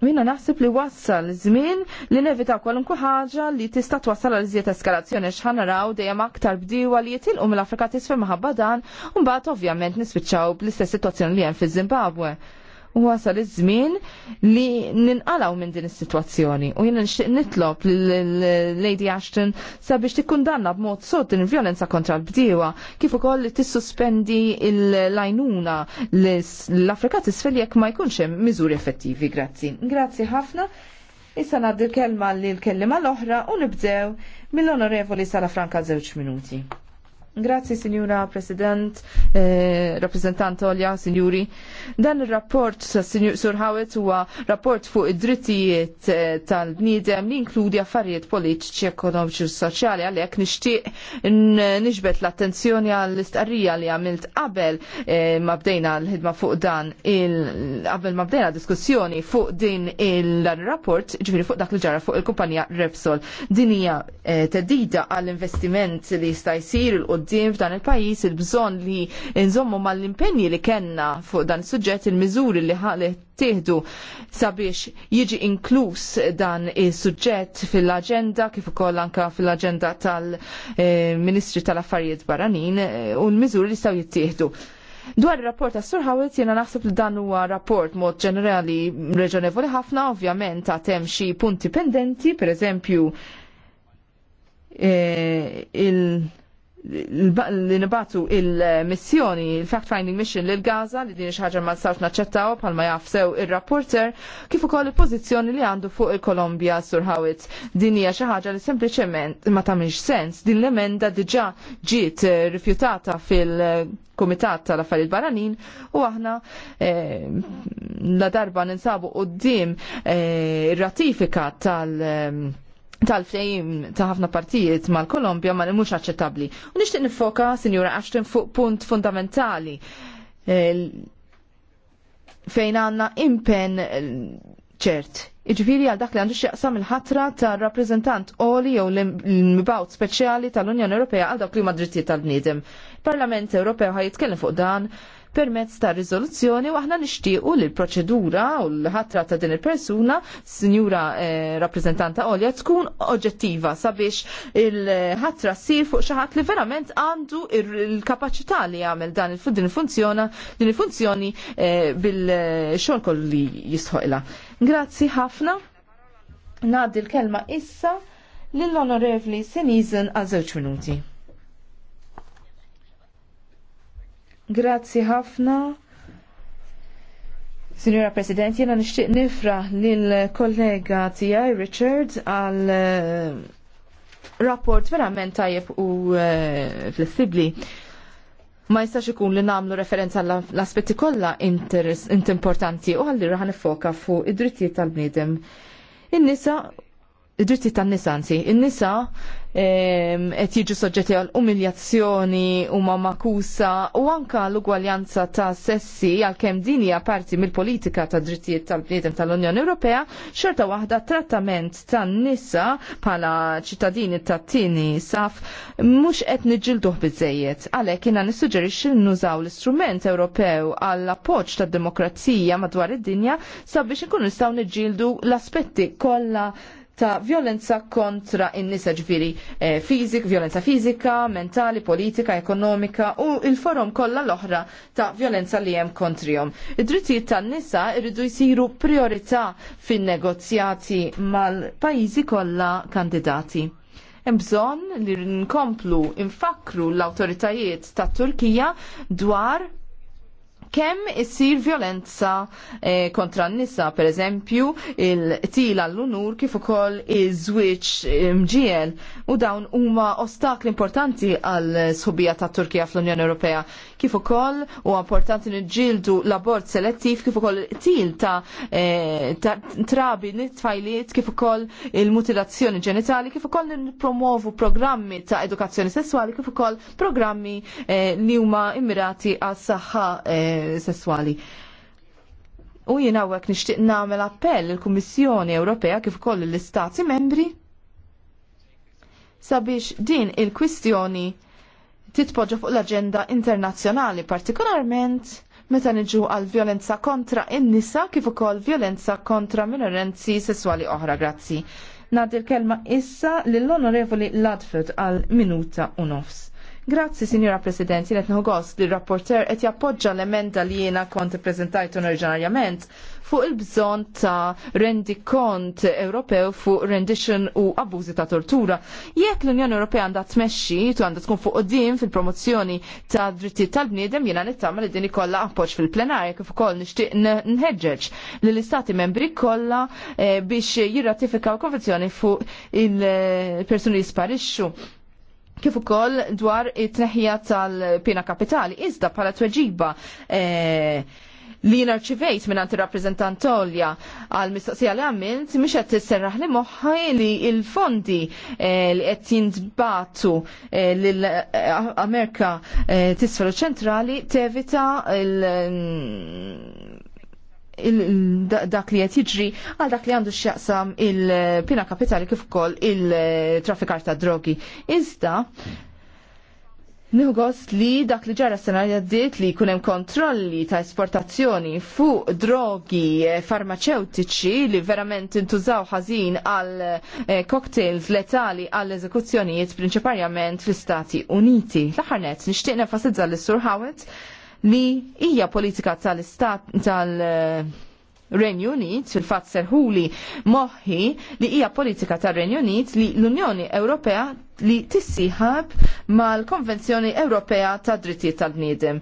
[SPEAKER 4] Minna naħseb li wassal żmien li nevitaw kwalunkwe ħaġa li tista' twassal għal iżjed eskalazzjoni x'ħan naraw dejjem aktar bdiewa li jitilqu mill-Afrika t'isfel maħabba dan u mbagħad ovvjament nispiċċaw bl-istess sitwazzjoni li hemm fiż-Zimbabwe u wasal iż-żmien li ninqalaw minn din is-sitwazzjoni. U jiena nixtieq nitlob lady Ashton sabiex tikkundanna b'mod sod din il-vjolenza kontra l-bdiewa kif ukoll li tissuspendi l-lajnuna l-Afrika tisfel jekk ma jkunx hemm miżuri effettivi. Grazzi. Grazzi ħafna. Issa ngħaddi l-kelma li l-kellima l-oħra u nibdew mill-Onorevoli Sara Franka żewġ minuti. Grazzi, Signora President, eh, Rappresentant Olja, Signori. Dan il-rapport Sir Hawet huwa rapport fuq id-drittijiet eh, tal-bniedem li inkludi affarijiet politiċi, ekonomiċi u soċjali għalhekk nixtieq nixbet l-attenzjoni għall-istqarrija li għamilt qabel eh, ma bdejna l-ħidma fuq dan il qabel ma bdejna diskussjoni fuq din il-rapport, ġifieri fuq dak li ġara fuq il-kumpanija Repsol. Din hija eh, teddida għall-investiment li jista' jsir il qudiem f'dan il-pajjiż il-bżonn li nżommu mal-impenji li kellna fuq dan is-suġġett il-miżuri li ħalet tieħdu sabiex jiġi inkluż dan is-suġġett fil-aġenda kif ukoll anke fil-aġenda tal-Ministri tal-Affarijiet Barranin eh, u l-miżuri li jistgħu jittieħdu. Dwar il-rapport ta' Sur Hawit jena naħseb li dan huwa rapport mod ġenerali reġonevoli ħafna, ovvjament ta' xi punti pendenti, per eżempju eh, il- li nibatu il-missjoni, il-fact-finding mission lil Gaza li din xaġa ma sarf naċċettaw bħalma jafsew il-rapporter kif ukoll il-pożizzjoni li għandu fuq il kolombia sur Hawitz. Din hija xi ħaġa li sempliċement ma tagħmilx sens. Din l-emenda diġà ġiet eh, rifjutata fil-Kumitat tal-Affarijiet Barranin u aħna eh, la darba ninsabu qudiem eh, ir-ratifika tal- tal fejn ta' ħafna partijiet mal-Kolombja ma li mhux aċċettabbli. U nixtieq nifoka, Sinjura Ashton, fuq punt fundamentali fejn għandna impen ċert. Iġviri għal dak li għandu xieqsam il-ħatra ta' rappresentant oli jew l-mibawt speċjali tal-Unjoni Ewropea għal dak li madrittijiet tal-bniedem. Parlament Ewropew ħaj jitkellem fuq dan permezz ta' riżoluzzjoni u aħna nixtiequ li l-proċedura u l-ħatra ta' din il-persuna, sinjura eh, rappreżentanta Olja, tkun oġġettiva sabiex il-ħatra ssir fuq xi ħadd li verament għandu il-kapaċità li jagħmel dan il-din il-funzjona, din il-funzjoni eh, bil-xogħol kollu li jisħoqla. Grazzi ħafna. Nadi l-kelma issa lill-Onorevli Senizen għal żewġ minuti. Grazzi ħafna. Signora President, jena nishtiq nifra lil-kollega tijaj Richard għal eh, rapport verament tajjeb u eh, flessibli. Ma jistax ikun li namlu referenza l-aspetti kollha int importanti u għalli raħan foka fuq id-drittijiet tal-bniedem. In-nisa id-dritti tan nisa anzi, in-nisa qed jiġu soġġetti għal umiljazzjoni u ma makusa u anka l-ugwaljanza ta' sessi għalkemm din hija parti mill-politika ta' drittijiet tal-bniedem tal-Unjoni Ewropea, xorta waħda trattament tan-nisa bħala ċittadini ta' tieni saf mhux qed niġġilduh biżejjed. Għalhekk jiena nissuġġerixxi nużaw l-istrument Ewropew għall appoġġ tad-demokrazija madwar id-dinja sabiex inkunu nistgħu niġġieldu l-aspetti kollha ta' violenza kontra in-nisa ġifiri eh, fizik, violenza fizika, mentali, politika, ekonomika u il-forum kollha l-oħra ta' violenza li hemm kontrihom. Id-drittijiet tan-nisa irridu jsiru priorità fin-negozjati mal-pajjiżi kollha kandidati. Hemm bżonn li nkomplu infakru l-awtoritajiet tat Turkija dwar kemm isir violenza eh, kontra n-nisa, per eżempju, il-tila l-unur kif ukoll iż-żwieġ eh, mġiel u dawn huma ostakli importanti għal sħubija ta' Turkija fl-Unjoni Ewropea. Kif ukoll huwa importanti niġġieldu l-abort selettiv kif ukoll til ta', eh, ta trabi nitfajliet kif ukoll il-mutilazzjoni ġenitali kif ukoll nippromovu programmi ta' edukazzjoni sessuali kif ukoll programmi eh, li huma immirati għas saħħa eh, sessuali. U jina għek nishtiq namel appell il-Kummissjoni Ewropea kif ukoll l-Istati membri sabiex din il-kwistjoni titpoġġa fuq l-aġenda internazzjonali, partikolarment meta niġu għal violenza kontra in-nisa kif ukoll violenza kontra minorenzi sesswali oħra. Grazzi. Nadi l-kelma issa lill-Onorevoli Ladford għal minuta u nofs. Grazzi, Signora President, jienet nħogos li rapporter et jappoġġa l-emenda li jiena kont prezentajtu oriġinarjament fuq il-bżon ta' rendi kont Ewropew fuq rendition u abbużi ta' tortura. Jekk l-Unjoni Ewropea għandha tmexxi tu għandha tkun fuq qudiem fil-promozzjoni ta' drittijiet tal-bniedem jiena nittama li din ikollha appoġġ fil-plenarja kif ukoll nixtieq nħeġġeġ li l-istati membri kollha eh, biex jirratifikaw konvenzjoni fuq il-persuni jisparixxu kif ukoll dwar it-tneħħija tal-pina kapitali. Iżda bħala tweġiba eh, li narċivejt minn għanti rappresentant Olja għal mistoqsija li għamilt, miex għed tisserraħ li moħħa li il-fondi eh, li għed jintbatu eh, l-Amerika tisfel ċentrali tevita il- dak li qed jiġri għal dak li għandu x'jaqsam il-pina kapitali kif ukoll il-traffikar ta' drogi. Iżda Nħugost li dak li ġara s-sena jaddit li kunem kontrolli ta' esportazzjoni fuq drogi farmaceutiċi li verament intużaw ħazin għal eh, cocktails letali għal eżekuzzjonijiet prinċiparjament fl-Stati Uniti. l nishtiqna fasidza l-Sur Hawet li hija politika tal-istat tal-Renju eh, Unit, fil-fat serħuli moħħi li hija politika tal-Renju Unit li l-Unjoni Ewropea li tissiħab mal-Konvenzjoni Ewropea tad drittijiet tal-bniedem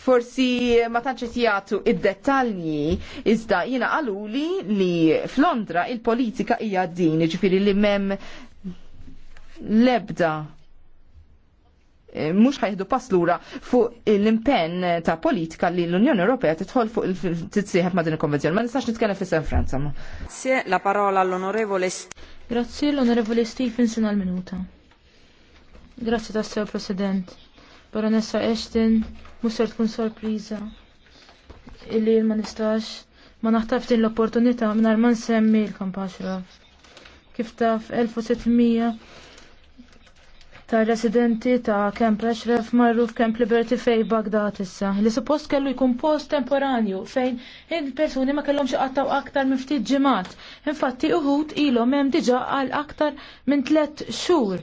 [SPEAKER 4] forsi ma tantx jagħtu id-dettalji iżda jiena qaluli li f'Londra il-politika hija din, jiġifieri li m'hemm l-ebda Eh, mux ħajħdu paslura fuq l-impenn ta' politika li l-Unjoni Ewropea titħol fuq titsieħeb ma' din il-konvenzjoni. Ma nistax nitkellem fi San Franza.
[SPEAKER 1] Grazie,
[SPEAKER 3] la parola all'onorevole
[SPEAKER 1] Grazie l-onorevole Stephenson għal minuta. Grazie ta' sew President. Baronessa Ashton, musser tkun sorpriża illi ma nistax ma naħtaf din l-opportunità minn ma nsemmi l-kampaxra. Kif taf 1600 ta' residenti ta' Camp Ashraf marruf Camp Liberty fej Bagdad issa. Li suppost kellu jkun post temporanju fejn il-persuni ma kellhomx qattaw aktar minn ftit ġimgħat. Infatti uħud ilhom hemm diġà għal aktar minn tliet xhur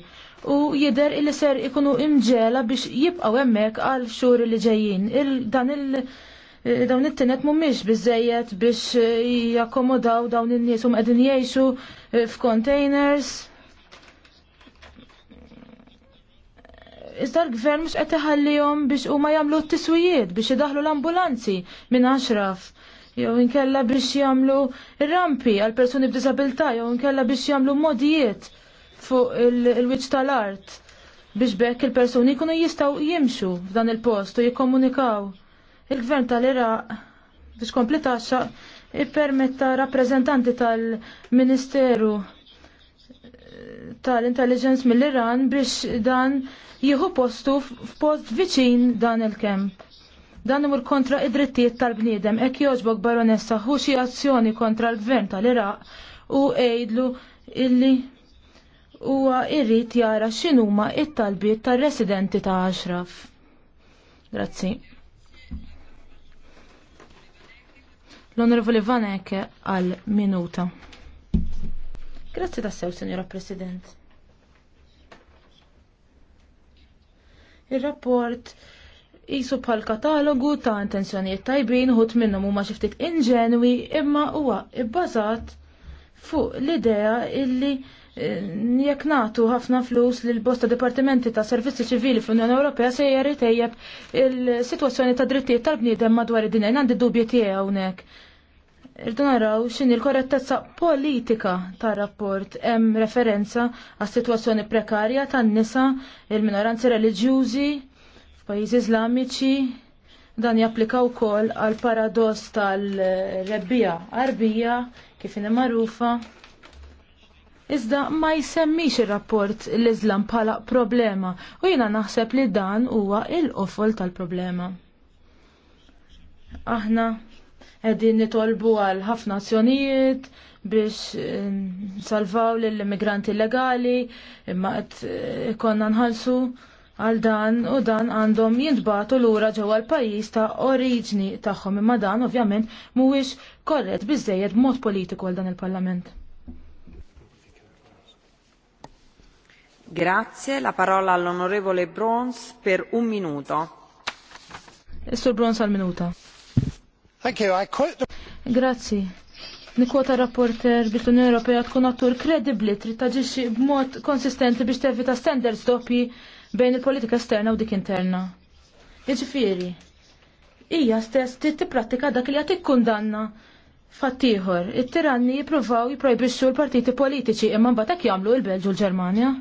[SPEAKER 1] u jider illi ser ikunu imġela biex jibqgħu hemmhekk għal xhur li ġejjin. dan il dawn it tinet mhumiex biżejjed biex jakkomodaw dawn in-nies u qegħdin jgħixu eh, f'containers Iżda l-gvern mhux qed iħallihom biex huma jagħmlu t-tiswijiet biex idaħlu l-ambulanzi minn ħaxraf. jew inkella biex jagħmlu rampi għal persuni b'diżabilità, jew inkella biex jagħmlu modijiet fuq il-wiċċ tal-art biex bekk il-persuni jkunu jistaw jimxu f'dan il-post u jikkomunikaw. Il-gvern tal-Iraq biex kompli taxxa ippermetta rappreżentanti tal-Ministeru tal-Intelligence mill-Iran biex dan jieħu postu f'post viċin dan il-kemp. Dan imur kontra id-drittijiet tal-bniedem, ek joġbok baronessa hu xi azzjoni kontra l-gvern tal-Iraq u ejdlu illi huwa irrid jara x'inhuma it-talbiet tar-residenti ta' Ashraf. Grazzi. L-Onorevoli Vanek għal minuta. Grazzi sew, Sinjora President. Ir-rapport jisu bħal katalogu ta' intenzjonijiet tajbin uħut minnhom huma xi ftit inġenwi imma huwa bbażat fuq l-idea illi eh, jekk nagħtu ħafna flus l bosta dipartimenti ta' servizzi ċivili fl-Unjoni Ewropea se jeri tejjeb il-sitwazzjoni ta' drittijiet tal-bniedem madwar id-dinja għandi dubji tiegħu hawnhekk. Irdu naraw x'inhi l-korrettezza politika tar-rapport hemm referenza għas sitwazzjoni prekarja tan-nisa, il-minoranzi reliġjużi f'pajjiżi Iżlamiċi dan japplika wkoll għal paradoss tal-rebbija arbija kif inhi magħrufa. Iżda ma jsemmix ir-rapport l-Iżlam bħala problema u jiena naħseb li dan huwa il-qofol tal-problema. Aħna Qegħdin nitolbu għal ħafna azzjonijiet biex eh, salvaw lill-immigranti illegali imma għed eh, konna nħallsu għal dan u dan għandhom jintbatu lura ġewwa l-pajjiż ta' oriġni tagħhom imma dan ovvjament mhuwiex korrett biżejjed b'mod politiku għal dan il-Parlament.
[SPEAKER 3] Grazie, la parola all'onorevole Brons per un minuto.
[SPEAKER 1] Sur Brons al minuta. Thank you. I quote the... Grazzi. Nikwota rapporter biex l-Unjoni Ewropea tkun attur kredibli trid taġixxi b'mod konsistenti biex tevita standards doppji bejn il-politika esterna u dik interna. Jiġifieri, hija stess trid tipprattika dak li qed ikkundanna fattieħor. It-tiranni jippruvaw jipprojbixxu l-partiti politiċi imma mbagħad hekk jagħmlu l-Belġu l-Ġermanja.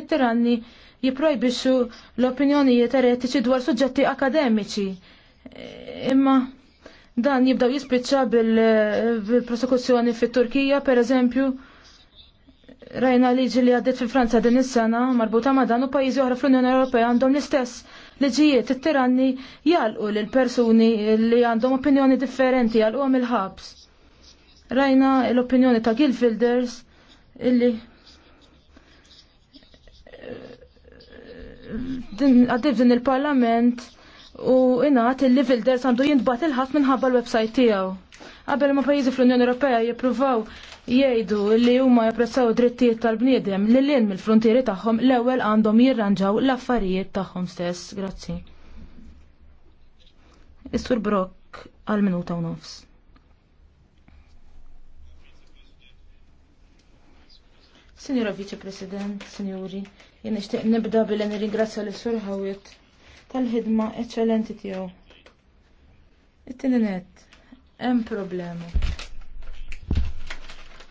[SPEAKER 1] It-tiranni jipprojbixxu l-opinjonijiet eretiċi dwar suġġetti akademiċi. Imma dan jibdaw jispiċċa bil-prosekuzzjoni fit turkija per eżempju, rajna liġi li għaddit fi Franza din is-sena marbuta ma' dan u pajjiżi oħra fl-Unjoni Ewropea għandhom l-istess liġijiet it-tiranni jalqu lil persuni li għandhom opinjoni differenti jalqu il-ħabs. Rajna l-opinjoni ta' Gilfilders illi eh, għaddit din il-parlament u ingħat il-level der għandu jintbat il-ħadd minħabba l-website tiegħu. Qabel ma pajjiżi fl-Unjoni Ewropea jippruvaw jgħidu li huma japprezzaw drittijiet tal-bniedem li lin mill-frontieri tagħhom l-ewwel għandhom jirranġaw l-affarijiet tagħhom stess. Grazzi. Is-Sur Brock għal minuta u nofs. Signora Vice President, Signori, jenna xteq nibda billi nirringrazzja l-Sur Hawit tal-ħidma eċċellenti tiegħu. It-tieni nett hemm problema.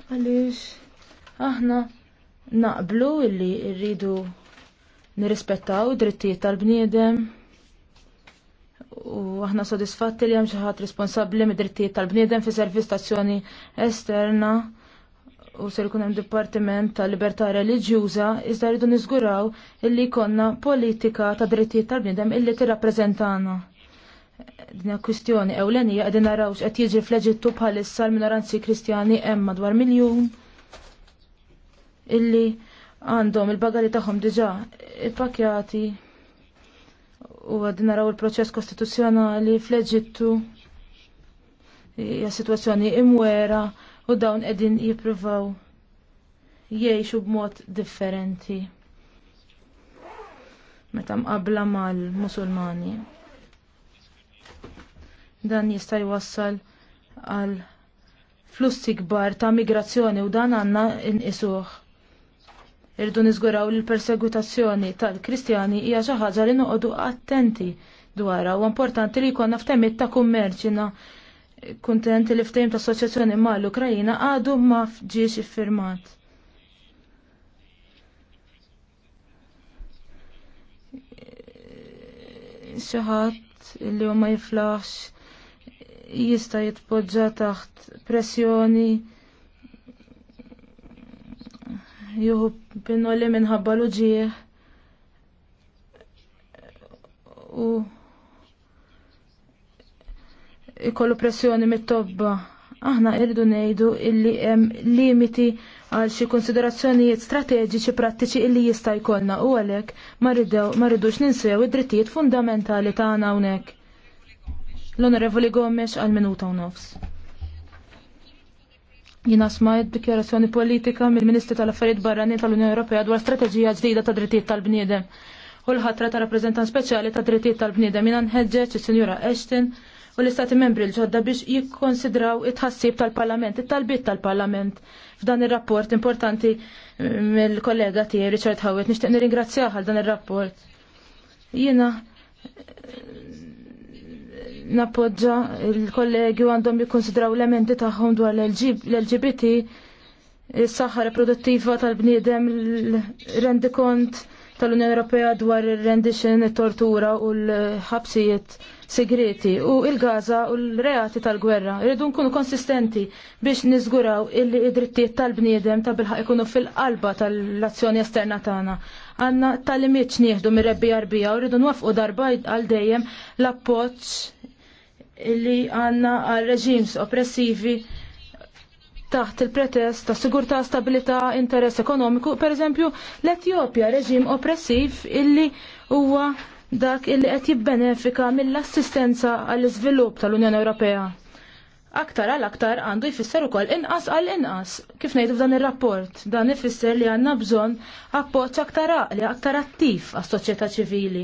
[SPEAKER 1] Għaliex aħna naqblu illi rridu nirrispettaw id-drittijiet tal-bniedem u aħna sodisfatti li hemm xi ħadd responsabbli mid-drittijiet tal-bniedem fi servizz tazzjoni esterna u ser ikun hemm dipartiment ta' libertà reliġjuża iżda rridu niżguraw illi jkollna politika ta' drittijiet tal-bniedem illi tirrappreżentana. Dinja kwistjoni ewlenija qegħdin naraw x'qed jiġi fl-Eġittu bħalissa l-minoranzi Kristjani hemm madwar miljun illi għandhom il-bagali tagħhom diġà ipakjati u għadin naraw il-proċess kostituzzjonali fl-Eġittu hija situazzjoni imwera u dawn qegħdin jippruvaw jgħixu b'mod differenti meta mqabbla mal-Musulmani. Dan jista' jwassal għal flussi kbar ta' migrazzjoni u dan għandna inqisuh. Irdu niżguraw li l-persegutazzjoni tal-Kristjani hija xi ħaġa li noqogħdu attenti dwarha u importanti li jkollna ftehmiet ta' kummerċina kuntent li ftejm ta' assoċjazzjoni ma' l-Ukrajina għadu ma' ġiex iffirmat. Xaħat li ma jiflax jista' jitpoġġa taħt pressjoni juhu li minħabba l u ikollu pressjoni mit-tobba. Aħna irridu ngħidu illi hemm limiti għal xi konsiderazzjonijiet strateġiċi prattiċi illi jista' jkollna u għalhekk ma rridux ninsew id-drittijiet fundamentali tagħna hawnhekk. L-Onorevoli Gomes għal minuta u nofs. Jina smajt dikjarazzjoni politika mill-Ministri tal-Affarijiet Barrani tal-Unjoni Ewropea dwar strateġija ġdida ta' drittijiet tal-bniedem u l-ħatra ta' rappreżentant speċjali ta' drittijiet tal-bniedem. Jina nħeġġeġ is-Sinjura Ashton u l-Istati membri l-ġodda biex jikkonsidraw it-ħassib tal-Parlament, it-talbit tal-Parlament. F'dan ir-rapport importanti mm, mill-kollega tiegħi Richard Howitt nixtieq nirringrazzjah għal dan ir-rapport. Jiena eh, nappoġġa il-kollegi għandhom jikkonsidraw l-emendi tagħhom dwar l-LGBT is-saħħa reproduttiva tal-bniedem l-rendikont tal-Unjoni Ewropea dwar ir-rendition, it-tortura u l-ħabsijiet segreti u il-Gaza u l-reati tal-gwerra. Irridu nkunu konsistenti biex niżguraw illi id-drittijiet tal-bniedem ta' bilħaq ikunu fil-qalba tal-azzjoni esterna tagħna. Għanna tal imieċ nieħdu mir-rebbi arbija u rridu nwafqu darba għal dejjem l-appoċ illi għanna għal reġims oppressivi taħt il-pretest ta' sigurtà stabilità interess ekonomiku, per eżempju l-Etjopja reġim oppressiv illi huwa dak illi qed jibbenefika mill-assistenza għall-iżvilupp tal-Unjoni Ewropea. Aktar għal aktar għandu jfisser ukoll inqas għal inqas kif ngħidu f'dan ir-rapport. Dan ifisser li għandna bżonn appoġġ aktar għaqli, aktar attiv għas-soċjetà ċivili.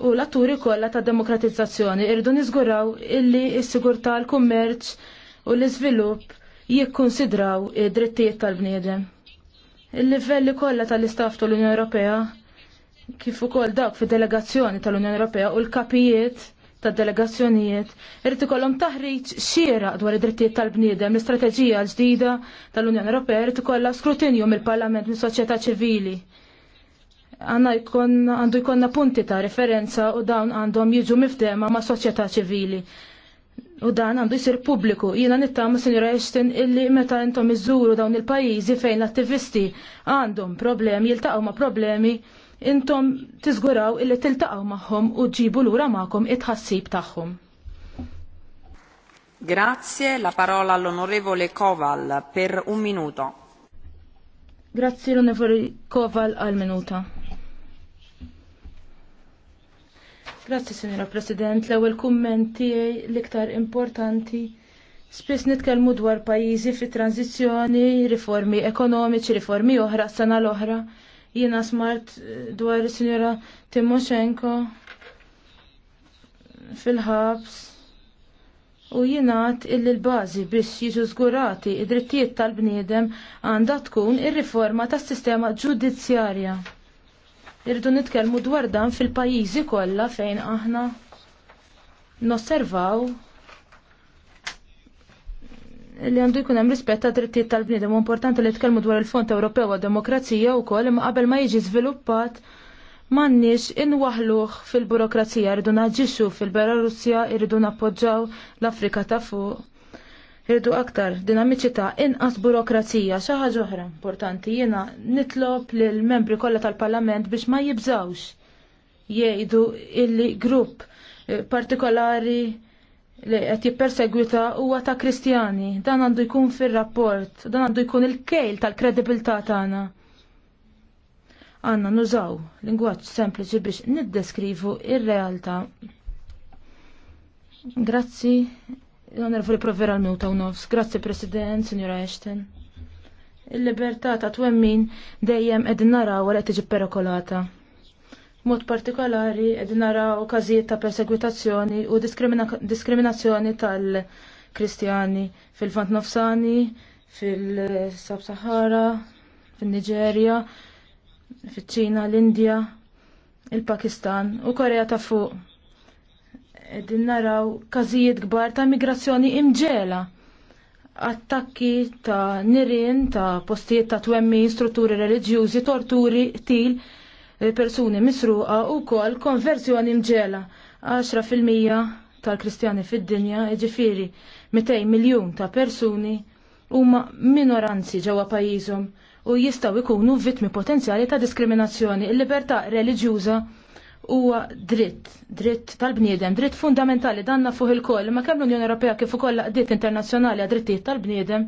[SPEAKER 1] U l-atturi kollha ta' demokratizzazzjoni irdu niżguraw illi s-sigurtà l-kummerċ u l-iżvilupp jikkonsidraw id-drittijiet tal-bniedem. Il-livelli kollha tal istaf tal-Unjoni Ewropea kif ukoll dawk fid-delegazzjoni tal-Unjoni Ewropea u l-kapijiet tad delegazzjonijiet irid ikollhom taħriġ xieraq dwar id-drittijiet tal-bniedem, l-istrateġija l-ġdida tal-Unjoni Ewropea irid ikollha skrutinju mill-Parlament mis-soċjetà ċivili. Għanna jkun għandu jkollna punti ta' referenza u dawn għandhom jiġu mifdema ma' soċjetà ċivili. U dan għandu jisir pubbliku. nittam nittama, Sinjora Ashton, illi meta intom iżuru dawn il-pajizi fejn l-attivisti għandhom problemi, jiltaqgħu ma' problemi, intom tiżguraw illi tiltaqgħu magħhom u ġibu lura magħkom it-ħassib tagħhom.
[SPEAKER 3] Grazie, la parola all'onorevole Koval per un minuto.
[SPEAKER 1] Grazie l'onorevole Koval al minuto. Grazzi, Signora President. L-ewwel commenti tiegħi l-iktar importanti. Spiss nitkellmu dwar pajjiżi fi tranzizzjoni, riformi ekonomiċi, riformi oħra, sena l-oħra. Jiena smart eh, dwar is-Sinjora Timoshenko fil-ħabs u jingħad illi l-bażi biex jiġu żgurati id-drittijiet tal-bniedem għandha tkun ir-riforma tas-sistema ġudizzjarja. Irridu nitkellmu dwar dan fil-pajjiżi kollha fejn aħna nosservaw li għandu jkun hemm rispett ta' drittijiet tal-bniedem u importanti li tkellmu dwar il-Fond Ewropew għad-Demokrazija wkoll imma qabel ma jiġi żviluppat m'għandniex inwaħluh fil-burokrazija, rridu naġixxu fil-Belarusja, irridu nappoġġaw l-Afrika ta' fuq. Irridu aktar dinamiċità inqas burokrazija xi ħaġa oħra importanti jiena nitlob lill membri kollha tal-Parlament biex ma jibżawx jgħidu illi grupp eh, partikolari li qed jipperseguita huwa ta' Kristjani. Dan għandu jkun fir-rapport, dan għandu jkun il-kejl tal-kredibilità tagħna. Għanna nużaw lingwaġġ sempliċi biex niddeskrivu ir-realtà. Grazzi, li Provera l-Mewta Nofs. Grazzi President, Signora Ashton. Il-libertà ta' twemmin dejjem qegħdin naraw għal qed tiġi perokolata. Mod partikolari qegħdin naraw każijiet ta' persegwitazzjoni u diskriminazzjoni tal-Kristjani fil-Fant Nofsani, fil-Sab-Sahara, fil-Niġerja, fil-ċina, l-Indja, il-Pakistan u Korea ta' fuq. Qegħdin naraw każijiet kbar ta' migrazzjoni imġela attakki ta' nirien, ta' postijiet ta' twemmi, strutturi reliġjużi, torturi, til, persuni misruqa u kol konverzjoni mġela 10% tal-kristjani fid-dinja ġifiri 200 miljon ta' persuni huma minoranzi ġewwa pajjiżhom u jistaw ikunu vittmi potenzjali ta' diskriminazzjoni. Il-libertà reliġjuża huwa dritt, dritt tal-bniedem, dritt fundamentali danna fuq il-koll, ma kemm l-Unjoni Ewropea kif ukoll laqdiet internazzjonali għad drittijiet tal-bniedem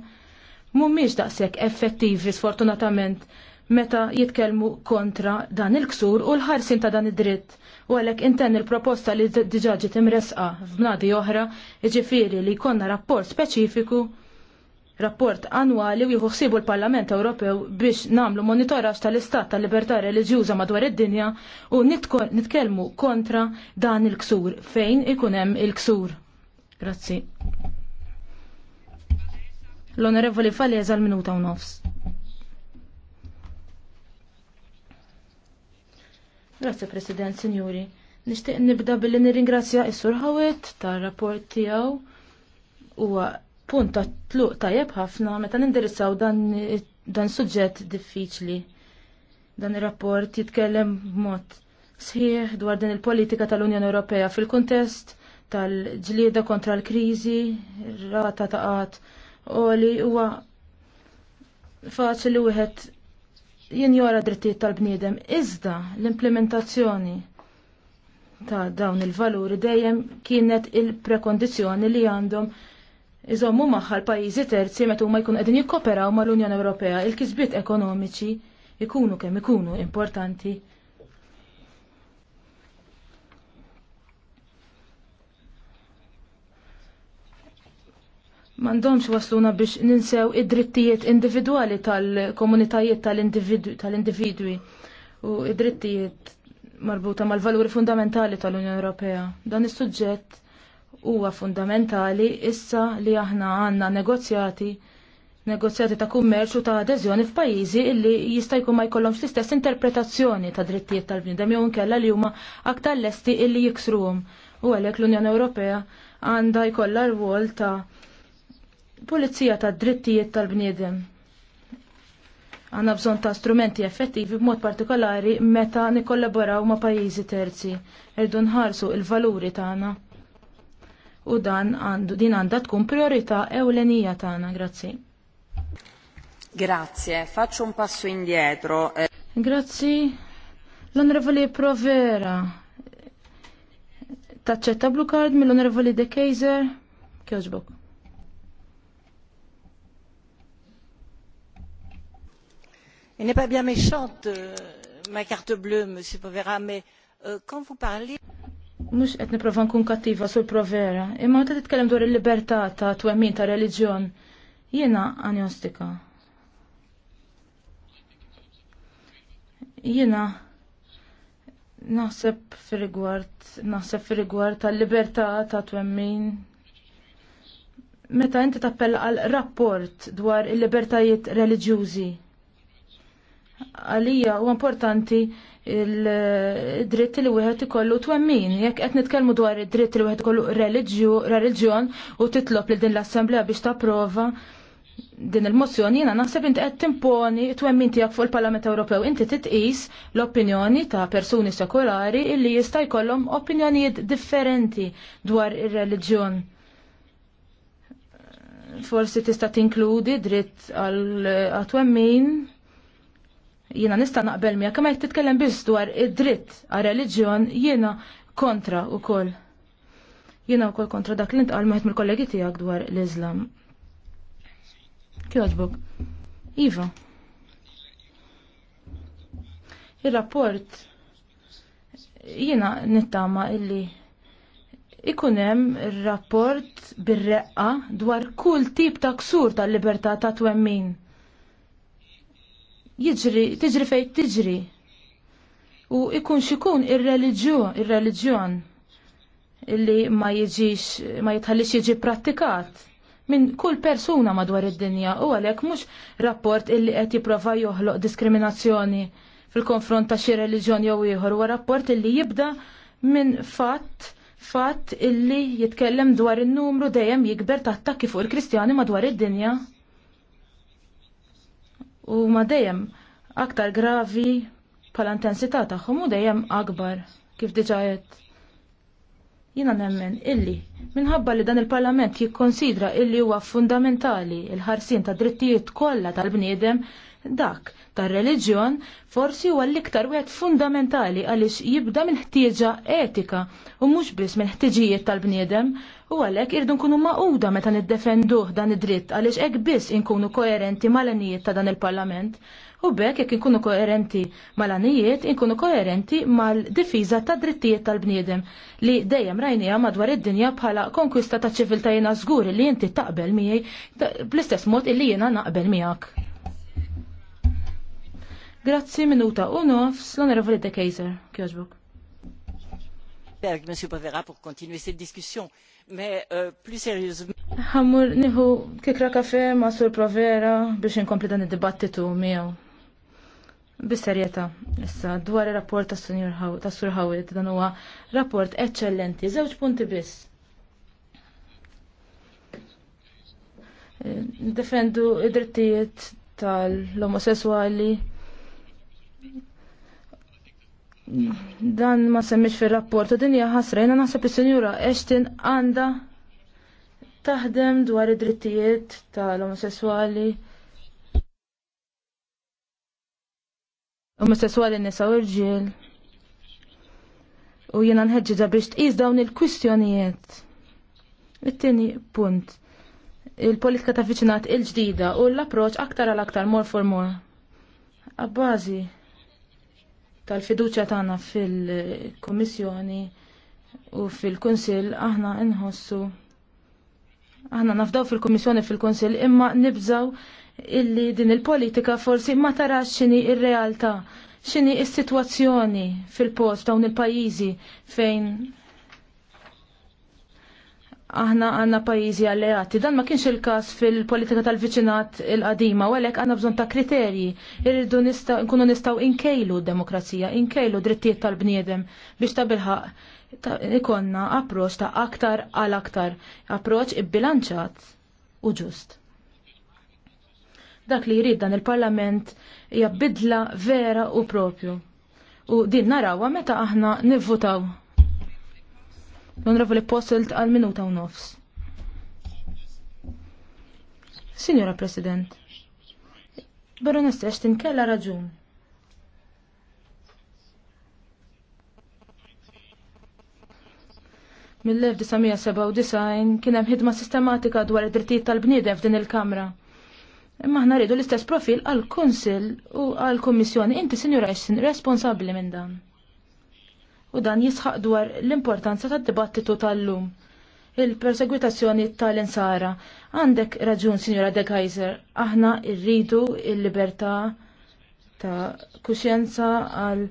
[SPEAKER 1] mhumiex daqshekk effettivi sfortunatament meta jitkellmu kontra dan il-ksur u l-ħarsin ta' dan id-dritt. U għalek inten il-proposta li diġaġi timresqa f'bnadi oħra, iġifiri li konna rapport speċifiku rapport annwali u jħuħsibu l-Parlament Ewropew biex namlu monitoraġġ tal-istat tal-libertà reliġjuża madwar id-dinja u nitkellmu kontra dan il-ksur fejn ikun hemm il-ksur. Grazzi. L-Onorevoli Faleza l-minuta u nofs. Grazie President, Sinjuri. Nishtiq nibda billi nirringrazzja is-Sur Ħawit tar-rapport tiegħu huwa punt ta' tluq tajjeb ħafna meta nindirizzaw dan dan suġġett diffiċli. Dan ir-rapport jitkellem b'mod sħiħ dwar din il-politika tal-Unjoni Ewropea fil-kuntest tal-ġlieda kontra l-kriżi, rata ta' u li huwa faċli wieħed jinjora drittijiet tal-bniedem. Iżda l-implementazzjoni ta' dawn il-valuri dejjem kienet il-prekondizjoni li għandhom iżommu maħħa l-pajjiżi terzi meta huma jkun qegħdin jikkoperaw mal-Unjoni Ewropea il-kisbiet ekonomiċi jkunu kemm ikunu importanti mandomx wasluna biex ninsew id-drittijiet individwali tal-komunitajiet tal-individwi u id-drittijiet marbuta mal-valuri fundamentali tal-Unjoni Ewropea. Dan is-suġġett huwa fundamentali issa li aħna għandna negozjati negozjati ta' kummerċu ta' adeżjoni f'pajjiżi illi jista' jkun ma jkollhomx l-istess interpretazzjoni ta' drittijiet tal-bniedem jew inkella li huma aktar lesti illi jiksruhom. U għalhekk l-Unjoni Ewropea għandha jkollha rwol ta' Polizija ta' drittijiet tal-bniedem. Għanna bżon ta' strumenti effettivi b'mod partikolari meta nikollaboraw ma' pajjiżi terzi. Irdu nħarsu il-valuri tagħna. U dan għandu din għandha tkun priorità ewlenija tagħna, grazzi.
[SPEAKER 3] Grazie, faccio un passo indietro. Grazzi. l Provera. Taċċetta
[SPEAKER 1] Blukard card mill-Onorevoli De Keiser. Kjoġbok.
[SPEAKER 3] Elle n'est pas bien méchante, euh, ma carte bleue, Monsieur Provera, mais euh, quand vous parlez...
[SPEAKER 1] Mux qed niprofa nkun kattiva sul provera, imma meta titkellem dwar il-libertà ta' twemmin ta' reliġjon, jiena agnostika. Jiena naħseb fir-rigward, naħseb fir-rigward tal-libertà ta' twemmin. Meta inti tappella għal rapport dwar il-libertajiet reliġjużi, għalija u importanti il-dritt li wieħed ikollu twemmin. Jekk qed nitkellmu dwar id-dritt li wieħed ikollu reliġjon u titlob li din l-assemblea biex tapprova din il-mozzjoni jiena naħseb inti qed timponi twemmin tiegħek fuq il-Parlament Ewropew inti titqis l-opinjoni ta' persuni sekolari illi jista' jkollhom opinjonijiet differenti dwar ir-reliġjon forsi tista' tinkludi dritt għal twemmin Jiena nista' naqbel mija, kemm qed titkellem biss dwar id-dritt għal reliġjon jiena kontra wkoll. Jiena wkoll kontra dak li ntqal maħet mill-kollegi tiegħek dwar l-Iżlam. Kjoġbok. Iva. Ir-rapport jiena nittama illi ikun hemm rapport bir-reqqa dwar kull tip ta' ksur tal-libertà ta' twemmin jiġri, tiġri fejn tiġri. U ikun xikun ir-reliġjon, ir-reliġjon illi ma jiġix, ma jitħallix jiġi pratikat minn kull persuna madwar id-dinja u għalhekk mhux rapport illi qed jipprova joħloq diskriminazzjoni fil-konfront ta' xi reliġjon jew ieħor huwa rapport illi jibda minn fatt fatt illi jitkellem dwar in-numru dejjem jikber ta' fuq il-Kristjani madwar id-dinja u ma dejjem aktar gravi pala intensità tagħhom u dejjem akbar kif diġa qed. Jiena nemmen illi minħabba li dan il-Parlament jikkonsidra illi huwa fundamentali il-ħarsin ta' drittijiet kollha tal-bniedem dak tar-reliġjon forsi huwa l-iktar wieħed fundamentali għaliex jibda minn ħtieġa etika u mhux biss minn ħtiġijiet tal-bniedem U għalhekk irdu nkunu maquda meta niddefenduh dan id-dritt għaliex hekk biss inkunu koerenti mal-anijiet ta' dan il-Parlament. U bekk jekk inkunu koerenti mal-anijiet, inkunu koerenti mal-difiża ta' drittijiet tal-bniedem li dejjem rajnija madwar id-dinja bħala konkwista ta' ċiviltà jiena żgur li inti taqbel miegħi bl-istess mod illi jiena naqbel miegħek. Grazzi minuta u nofs l-Onorevoli De Kaiser, kjożbuk. Berg, Monsieur Bavera, pour continuer cette discussion mais euh, plus sérieusement. Ħammur nieħu kikra kafe ma' Sur Provera biex inkompli dan id-dibattitu miegħu. Bis-serjetà, issa dwar ir-rapport tas ta' Sur Hawit dan huwa rapport eċċellenti, żewġ punti biss. Eh, defendu id-drittijiet tal-omosessuali dan ma semmix fil-rapport u dinja ħasra jena naħseb il-senjura Eshtin għanda taħdem dwar id-drittijiet tal-omosessuali omosessuali nisa u rġiel u jena nħedġiġa biex tqis dawn il-kwistjonijiet. It-tieni punt il-politika ta' fiċinat il-ġdida u l-approċ aktar għal aktar more for more. Abbażi tal-fiduċja tagħna fil-Kummissjoni u fil-Kunsill aħna nħossu aħna nafdaw fil-Kummissjoni fil-Kunsill imma nibżaw illi din il-politika forsi ma tarax x'inhi ir-realtà, x'inhi s-sitwazzjoni fil-post dawn il-pajjiżi fejn aħna għanna pajizi alleati. Dan ma kienx il-kas fil-politika tal-viċinat il-qadima, u għalek għanna bżon ta' kriterji. Irridu nistaw, nkunu nistaw inkejlu demokrazija, inkejlu drittijiet tal-bniedem biex ta' bilħaq. Ikonna approċ ta' aktar għal aktar, approċ ibbilanċat u ġust. Dak li jrid dan il-parlament jabbidla vera u propju. U din narawa meta aħna nivvutaw L-Onorevoli Posselt għal minuta u nofs. Signora President, Baroness Ashton kella raġun. Mill-1997 kien hemm ħidma sistematika dwar id-drittijiet tal bniede f'din il-Kamra. Imma aħna rridu l-istess profil għall kunsill u għall kummissjoni Inti, Sinjura Ashton, responsabbli minn dan u dan jisħaq dwar l-importanza tad-dibattitu tal-lum. Il-persegwitazzjoni tal-insara. Għandek raġun, Sinjora De Kaiser, aħna rridu il-libertà ta' kuxjenza għal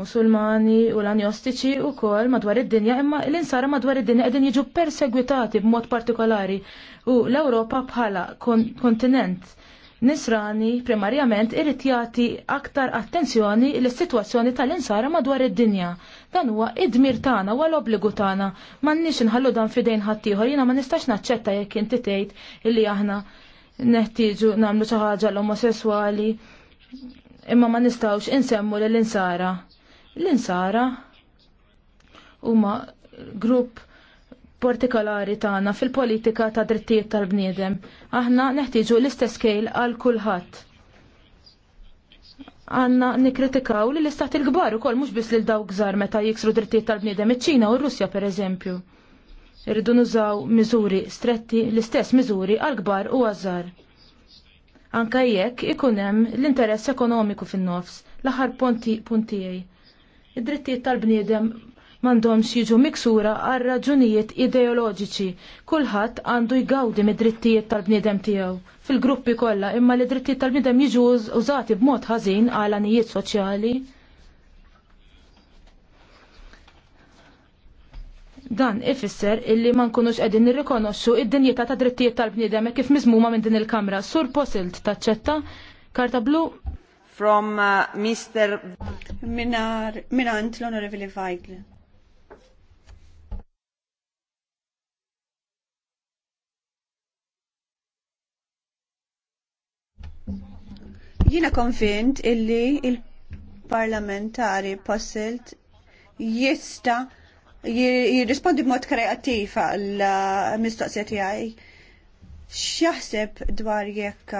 [SPEAKER 1] musulmani u l-anjostiċi u kol madwar id-dinja, imma l-insara madwar id-dinja għedin jiġu persegwitati b'mod partikolari u l-Europa bħala kontinent nisrani primarjament irrid jagħti aktar attenzjoni l sitwazzjoni tal-insara madwar id-dinja. Dan huwa id-dmir tagħna wa l-obbligu tagħna. M'għandniex inħallu dan f'idejn ħaddieħor, jiena ma nistax naċċetta jekk inti tgħid illi aħna neħtieġu nagħmlu xi ħaġa l-omosessuali imma ma nistgħux insemmu lill-insara. L-insara huma grupp partikolari tagħna fil-politika ta' drittijiet tal-bniedem. Aħna neħtieġu l-istess kejl għal kulħadd. Għanna nikritikaw li l-istat il-gbar ukoll mhux biss lil dawk żgħar meta jiksru drittijiet tal-bniedem iċ-Ċina u r-Russja pereżempju. Irridu nużaw miżuri stretti l-istess miżuri għal gbar u għazzar. Anka jekk ikun hemm l-interess ekonomiku fin-nofs l-aħħar punti puntijaj. Id-drittijiet tal-bniedem m'għandhomx jiġu miksura għal raġunijiet ideoloġiċi. Kulħadd għandu jgawdi mid-drittijiet tal-bniedem tiegħu. Fil-gruppi kollha imma li drittijiet tal-bniedem jiġu użati b'mod ħażin għal anijiet soċjali. Dan ifisser illi ma nkunux qegħdin nirrikonoxxu id-dinjità ta' drittijiet tal-bniedem kif miżmuma minn din il-kamra. Sur
[SPEAKER 2] Posilt taċċetta karta blu from uh, Mr. Minar, Minant l-Onorevoli Weigl. Jina konvint illi il-parlamentari possilt jista jirrispondi b'mod kreattiv għal mistoqsija tiegħi. X'jaħseb dwar jekk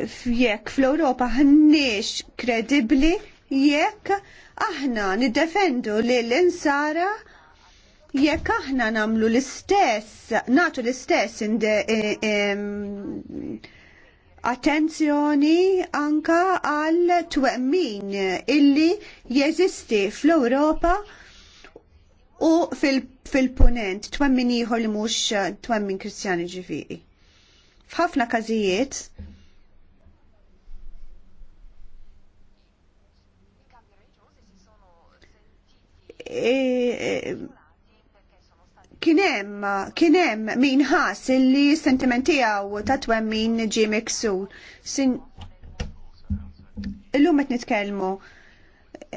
[SPEAKER 2] jekk fl-Ewropa ħanniex kredibbli jekk aħna niddefendu l insara jekk aħna namlu l-istess, natu l-istess e- attenzjoni anka għal twemmin illi jeżisti fl-Europa u fil-punent fil twemmin ieħor li mhux twemmin Kristjani ġifiri. F'ħafna każijiet e, e, kienem, kienem min ħas illi sentimenti għaw ta' twemmin ġi miksur. Sin... Illum qed nitkellmu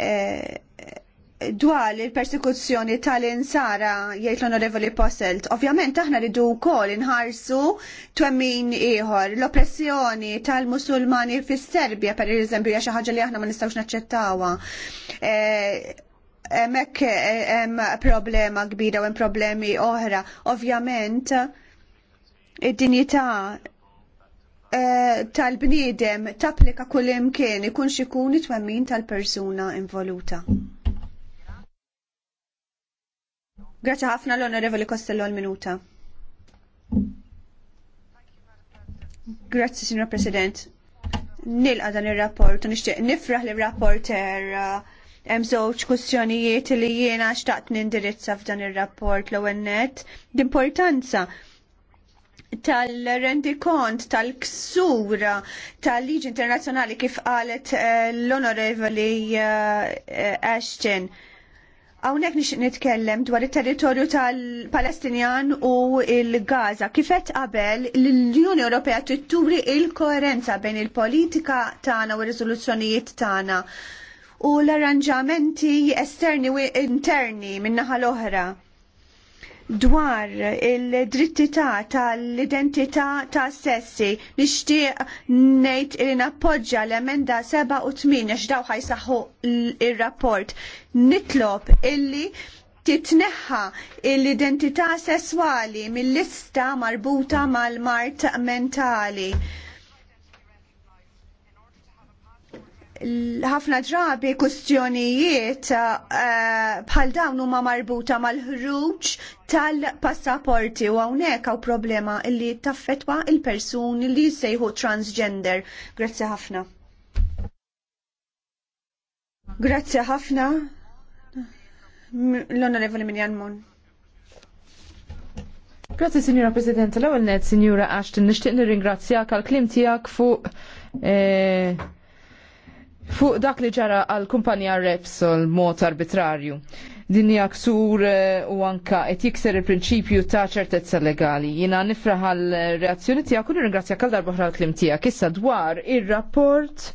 [SPEAKER 2] eh, dwar il-persekuzzjoni tal-insara jgħid l-onorevoli Posselt. Ovvjament aħna ridu wkoll inħarsu twemmin ieħor l-oppressjoni tal-Musulmani fis-Serbja pereżempju hija xi ħaġa li aħna ma nistgħux naċċettawha. Eh, hemmhekk eh, hemm problema kbira u hemm problemi oħra. Ovvjament id-dinjità eh, tal-bniedem tapplika kull imkien ikun xikun it-twemmin tal-persuna involuta. Grazie ħafna l-Onorevoli Costello l-minuta. Grazie, Signor President. Nilqa dan il-rapport, nishtiq nifraħ l rapporter uh, eh, Hemm żewġ kwistjonijiet li jiena xtaqt nindirizza f'dan ir-rapport l net l-importanza tal-rendikont, tal-ksura, tal-liġi internazzjonali kif qalet eh, l-onorevoli eh, eh, Ashton. Għawnek nix nitkellem dwar il-territorju tal-Palestinjan u il-Gaza. Kifet qabel l-Unjoni Ewropea titturi il-koerenza bejn il-politika tagħna u r-riżoluzzjonijiet tagħna u l-arranġamenti esterni u interni minnaħa l-oħra dwar il-drittità tal-identità ta' sessi nixtieq ngħid li nappoġġja l-emenda seba' u 8 għax daw ħajsaħħu ir-rapport. Nitlob illi titneħħa l-identità sesswali mill-lista marbuta mal-mart mentali. ħafna drabi kustjonijiet eh, bħal dawn huma marbuta mal-ħruġ tal-passaporti u hawnhekk hawn problema li taffetwa il-persuni li jsejħu transgender. Grazzi ħafna. Grazzi ħafna. L-Onorevoli Minjan Mon.
[SPEAKER 4] Grazzi, Signora President. L-ewwel net, Signora Ashton, nixtieq nirringrazzjak għall kliem tiegħek fuq eh, fuq dak li ġara għal kumpanija Repsol mod arbitrarju. Din hija ksur eh, u anka qed jikser il-prinċipju ta' ċertezza legali. Jiena nifraħ għal reazzjoni tiegħek u nirringrazzjak għal darba l-klim tiegħek issa dwar ir-rapport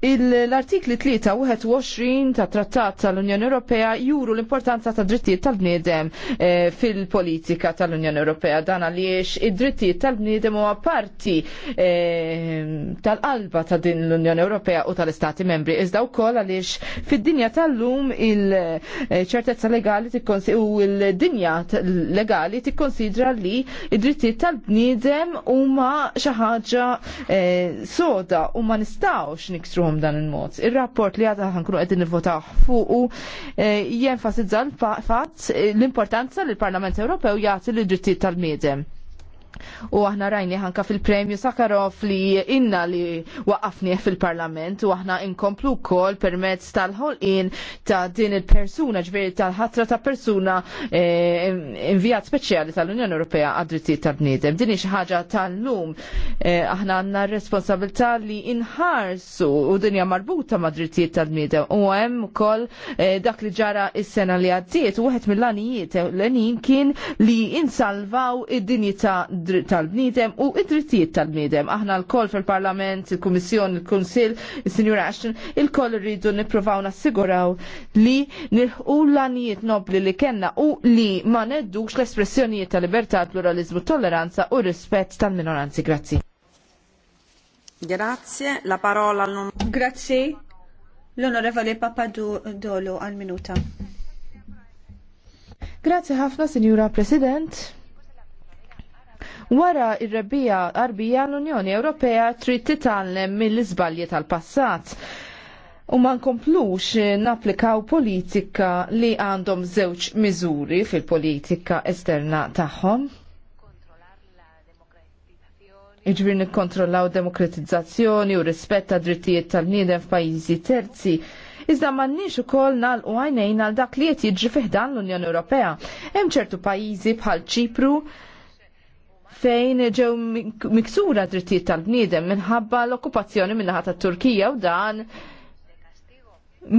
[SPEAKER 4] L-artikli 3 ta' trattat tal-Unjoni Ewropea juru l-importanza ta' drittijiet tal-bniedem e, fil-politika tal-Unjoni Ewropea dan għaliex id-drittijiet tal-bniedem huwa parti e, tal-qalba ta' din l-Unjoni Ewropea u tal-Istati membri. Iżda wkoll għaliex fid-dinja tal-lum il-ċertezza legali u l-dinja legali tikkonsidra li id-drittijiet tal-bniedem huma xi ħaġa e, soda u ma nistgħux niksru għom dan il-mod. Ir-rapport li għadha ħankunu qegħdin nivvotaw fuqu eh, jenfasizza l-fatt l-importanza li l-Parlament Ewropew jagħti l-drittijiet tal-miedem. U aħna rajni ħanka fil-premju Sakarov li inna li waqafni fil-parlament u aħna inkomplu kol permezz tal-ħolqin ta' din il-persuna ġveri tal-ħatra ta' persuna eh, invijat speċjali tal-Unjoni Ewropea għad-drittijiet tal-bniedem. Din ħaġa tal-lum eh, aħna għanna responsabilità li inħarsu u dinja marbuta ma' drittijiet tal bnidem u hemm ukoll eh, dak li ġara is-sena li għaddiet u wieħed mill anijiet l-għanin kien li insalvaw id-dinjità tal-bnidem u id-drittijiet tal-bnidem. Aħna l-koll fil-Parlament, il-Kummissjon, il konsil il sinjura Ashton, il-koll rridu niprofaw nassiguraw li nirħu l-anijiet nobli li kena u li ma neddux l-espressjonijiet tal-libertà, pluralizmu, tolleranza u rispett tal-minoranzi. Grazzi.
[SPEAKER 2] Grazie, la parola al non... Grazie, l'onorevole Papadolo al minuta.
[SPEAKER 4] Grazie ħafna, Signora President. Wara ir-rebija qarbija l-Unjoni Ewropea trid titgħallem mill-iżbalji tal-passat. U ma nkomplux naplikaw politika li għandhom żewġ miżuri fil-politika esterna tagħhom. Iġbir nikkontrollaw demokratizzazzjoni u rispetta drittijiet tal-bniedem f'pajjiżi terzi. Iżda m'għandniex ukoll u għajnejn għal dak li qed jiġri fiħdan l-Unjoni Ewropea. Hemm ċertu pajjiżi bħal Ċipru fejn ġew miksura drittijiet tal-bniedem minħabba l-okkupazzjoni minnaħat tat-Turkija u dan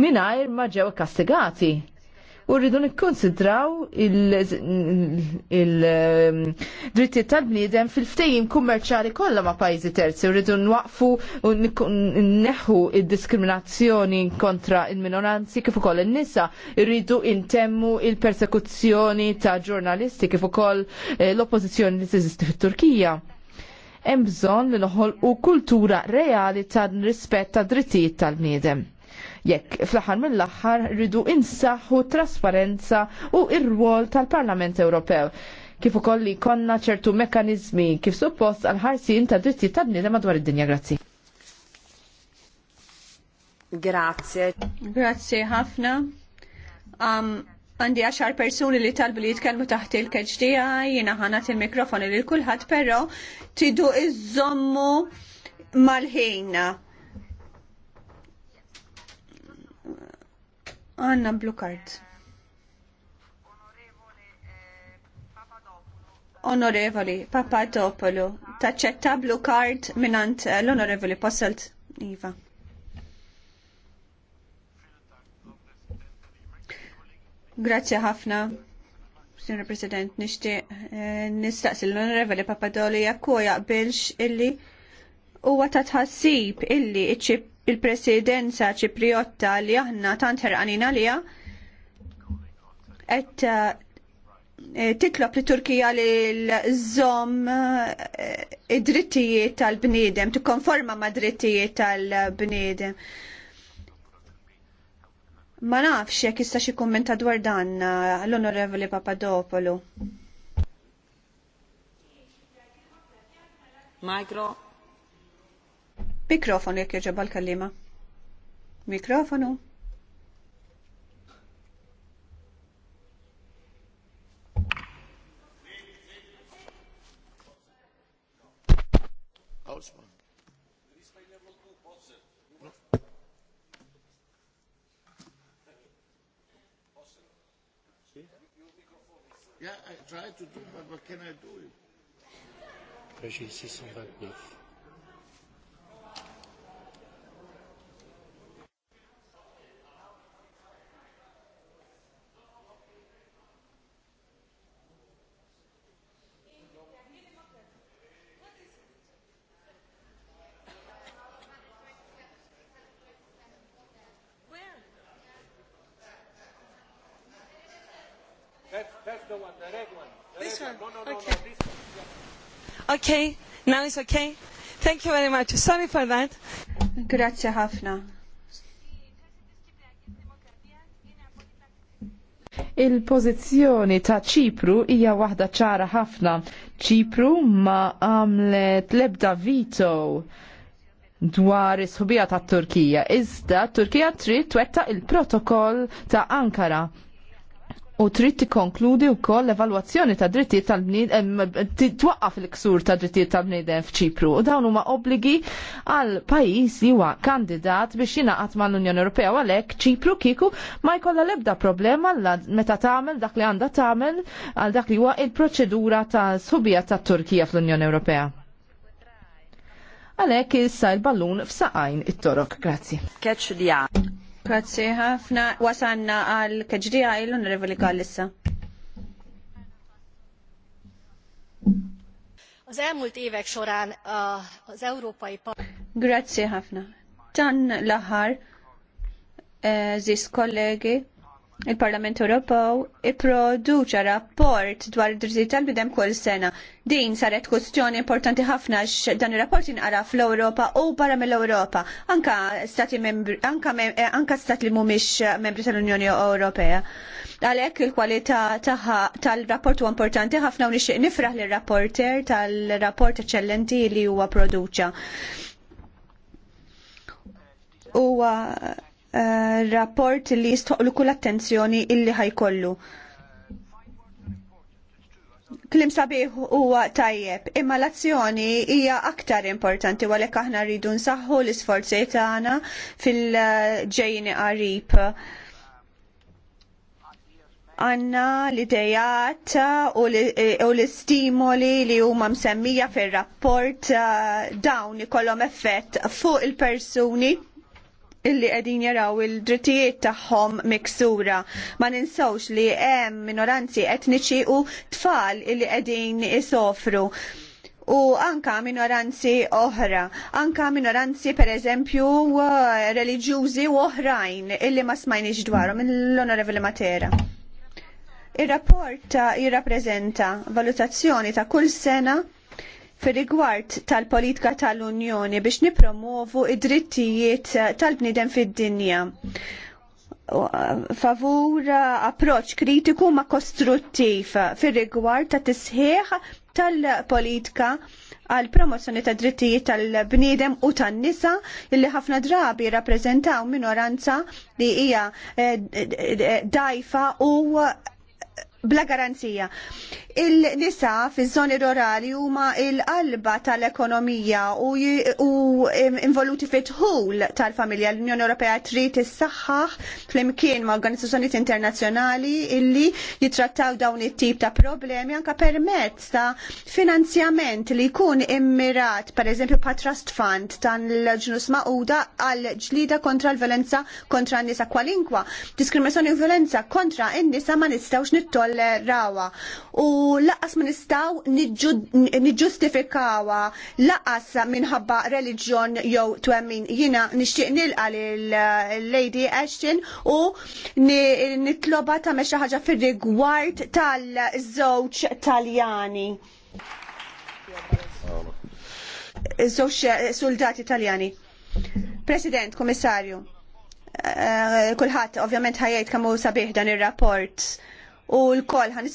[SPEAKER 4] mingħajr ma ġew kastigati u rridu nikkonsidraw il il, tal-bniedem fil-ftejim kummerċali kollha ma' pajjiżi terzi u rridu nwaqfu u neħu id-diskriminazzjoni kontra il-minoranzi kif ukoll in-nisa rridu intemmu il-persekuzzjoni ta' ġurnalisti kif ukoll eh, l-oppożizzjoni li tiżisti fit-Turkija hemm bżonn li noħolqu kultura reali ta' rispett ta' drittijiet tal-bniedem jekk fl-aħħar mill-aħħar rridu insaħħu trasparenza u ir-rwol tal-Parlament Ewropew kif ukoll li konna ċertu mekkaniżmi kif suppost għal ħarsin ta' dritti ta' bniedem madwar id-dinja. Grazzi.
[SPEAKER 2] Grazie. Grazie ħafna. Um, għandi għaxar persuni li talbu li jitkellmu taħt il-keġdija, jina ħanat il-mikrofon li l però pero tidu iż-zommu mal-ħin Anna Blukart. Onorevoli Papadopoulou, taċċetta blu kart minant eh, l-onorevoli Posselt Iva. Grazie ħafna. Signor President, nishti eh, nistaqsi l-Onorevoli Papadoli jakku jaqbilx illi huwa ta' tħassib illi iċċib il-presidenza ċipriotta li aħna tant ħerqanin għalija qed eh, eh, titlob li Turkija li l-żom eh, id-drittijiet tal-bniedem, tikkonforma ma' drittijiet tal-bniedem. Ma nafx jekk jista' xi kummenta dwar dan l-Onorevoli Papadopoulou. Micro Mikrofon jek jġeba l-kallima. Mikrofonu.
[SPEAKER 1] Yeah, I tried to do, but what can I do? Because Régis 629.
[SPEAKER 3] okay? Now it's okay? Thank you very much. Sorry for that. Grazie ħafna.
[SPEAKER 4] Il-pożizzjoni ta' Ċipru hija waħda ċara ħafna. Ċipru ma għamlet lebda vito dwar is-ħubija tat Turkija. Iżda Turkija trid twettaq il-protokoll ta' Ankara U trid tikkonkludi wkoll l-evalwazzjoni ta' drittijiet tal-bniedem twaqqaf il-ksur ta' drittijiet tal-bniedem f'Ċipru u dawn huma obbligi għal pajjiż li huwa kandidat biex jingħaqad mal-Unjoni Ewropea għalhekk Ċipru kieku ma jkollha l-ebda problema meta tagħmel dak li għandha tagħmel għal dak li huwa il-proċedura ta' subija tat-Turkija fl-Unjoni Ewropea. Għalhekk issa l-ballun f'saqajn it-torok. Grazzi.
[SPEAKER 2] Catch the Grazie. ħafna. Wasanna għal keġrija għajlu onorevoli Gallissa. Az elmúlt évek során uh, az Európai Grazie ħafna. Tan l eh, ziz kollegi, il-Parlament Ewropew ipproduċa rapport dwar id-drittijiet tal-bidem kull sena. Din saret kwestjoni importanti ħafna x dan ir-rapport inqara fl-Ewropa u barra mill-Ewropa, anka stati membri, anka, mem eh, anka stat li mhumiex membri tal-Unjoni Ewropea. Għalhekk il-kwalità tal-rapport huwa importanti ħafna u nixtieq nifraħ lir-rapporter tal-rapport eċċellenti li huwa produċa. Huwa Eh, rapport li jistoqlu kull attenzjoni illi ħajkollu. Klim sabiħ huwa tajjeb, imma l-azzjoni hija aktar importanti għalhekk aħna rridu nsaħħu l-isforzi tagħna fil-ġejni qarib. Għanna l-idejat u l-istimoli li huma msemmija fir-rapport eh, dawn ikollhom effett fuq il-persuni illi qegħdin jaraw il-drittijiet tagħhom miksura. Ma ninsawx li hemm minoranzi etniċi u tfal illi qegħdin isofru u anka minoranzi oħra, anka minoranzi per eżempju eh, reliġjużi u oħrajn illi ma smajniex dwarhom mill-Onorevoli Matera. Ir-rapport jirrappreżenta valutazzjoni ta' kull sena fir rigward tal-politika tal-Unjoni biex nipromovu id-drittijiet tal-bniedem fid-dinja favur approċ kritiku ma kostruttiv fir rigward ta' tisħiħ tal-politika għal promozzjoni ta' drittijiet tal-bniedem u tan-nisa illi ħafna drabi rappreżentaw minoranza li hija eh, dajfa u bla garanzija. Il-nisa fi żoni rurali huma il-qalba tal-ekonomija u, u involuti fit tħul tal-familja. L-Unjoni Ewropea trid issaħħaħ flimkien ma' organizzazzjonijiet internazzjonali illi jitrattaw dawn it-tip ta' problemi anke permezz ta' finanzjament li jkun immirat pereżempju pa' trust fund tal-ġnus maquda għal ġlida kontra l-violenza kontra n-nisa kwalinkwa. Diskriminazzjoni u violenza kontra n-nisa ma nistgħux nittol nittollerawa u laqas ma nistgħu niġġustifikawha laqas minħabba reliġjon jew twemmin jiena nixtieq nilqa lil eh, Lady Ashton u nitloba ta' mexa ħaġa fir-rigward tal-żewġ Taljani. Żewġ eh, soldati Taljani. President, Komissarju, eh, kulħadd ovvjament ħajjajt kemm hu sabiħ dan ir-rapport u l-koll ħan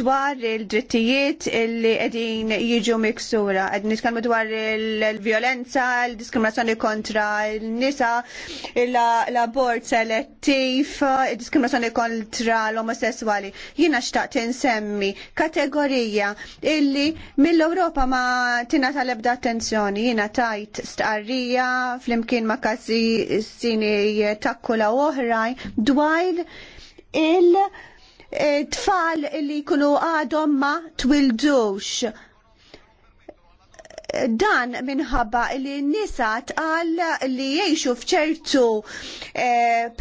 [SPEAKER 2] dwar il-drittijiet li qegħdin jiġu miksura. Għedin nitkellmu dwar il-vjolenza, il-diskriminazzjoni kontra il nisa l-abort selettiv, il-diskriminazzjoni kontra l-omosessuali. Jiena xtaqt insemmi kategorija illi mill-Ewropa ma tina tal-ebda attenzjoni. Jiena tajt stqarrija flimkien ma s sini takkula oħrajn dwar il- E, tfal li jkunu għadhom ma twildux. Dan minħabba li n-nisa tqal li jgħixu fċertu e,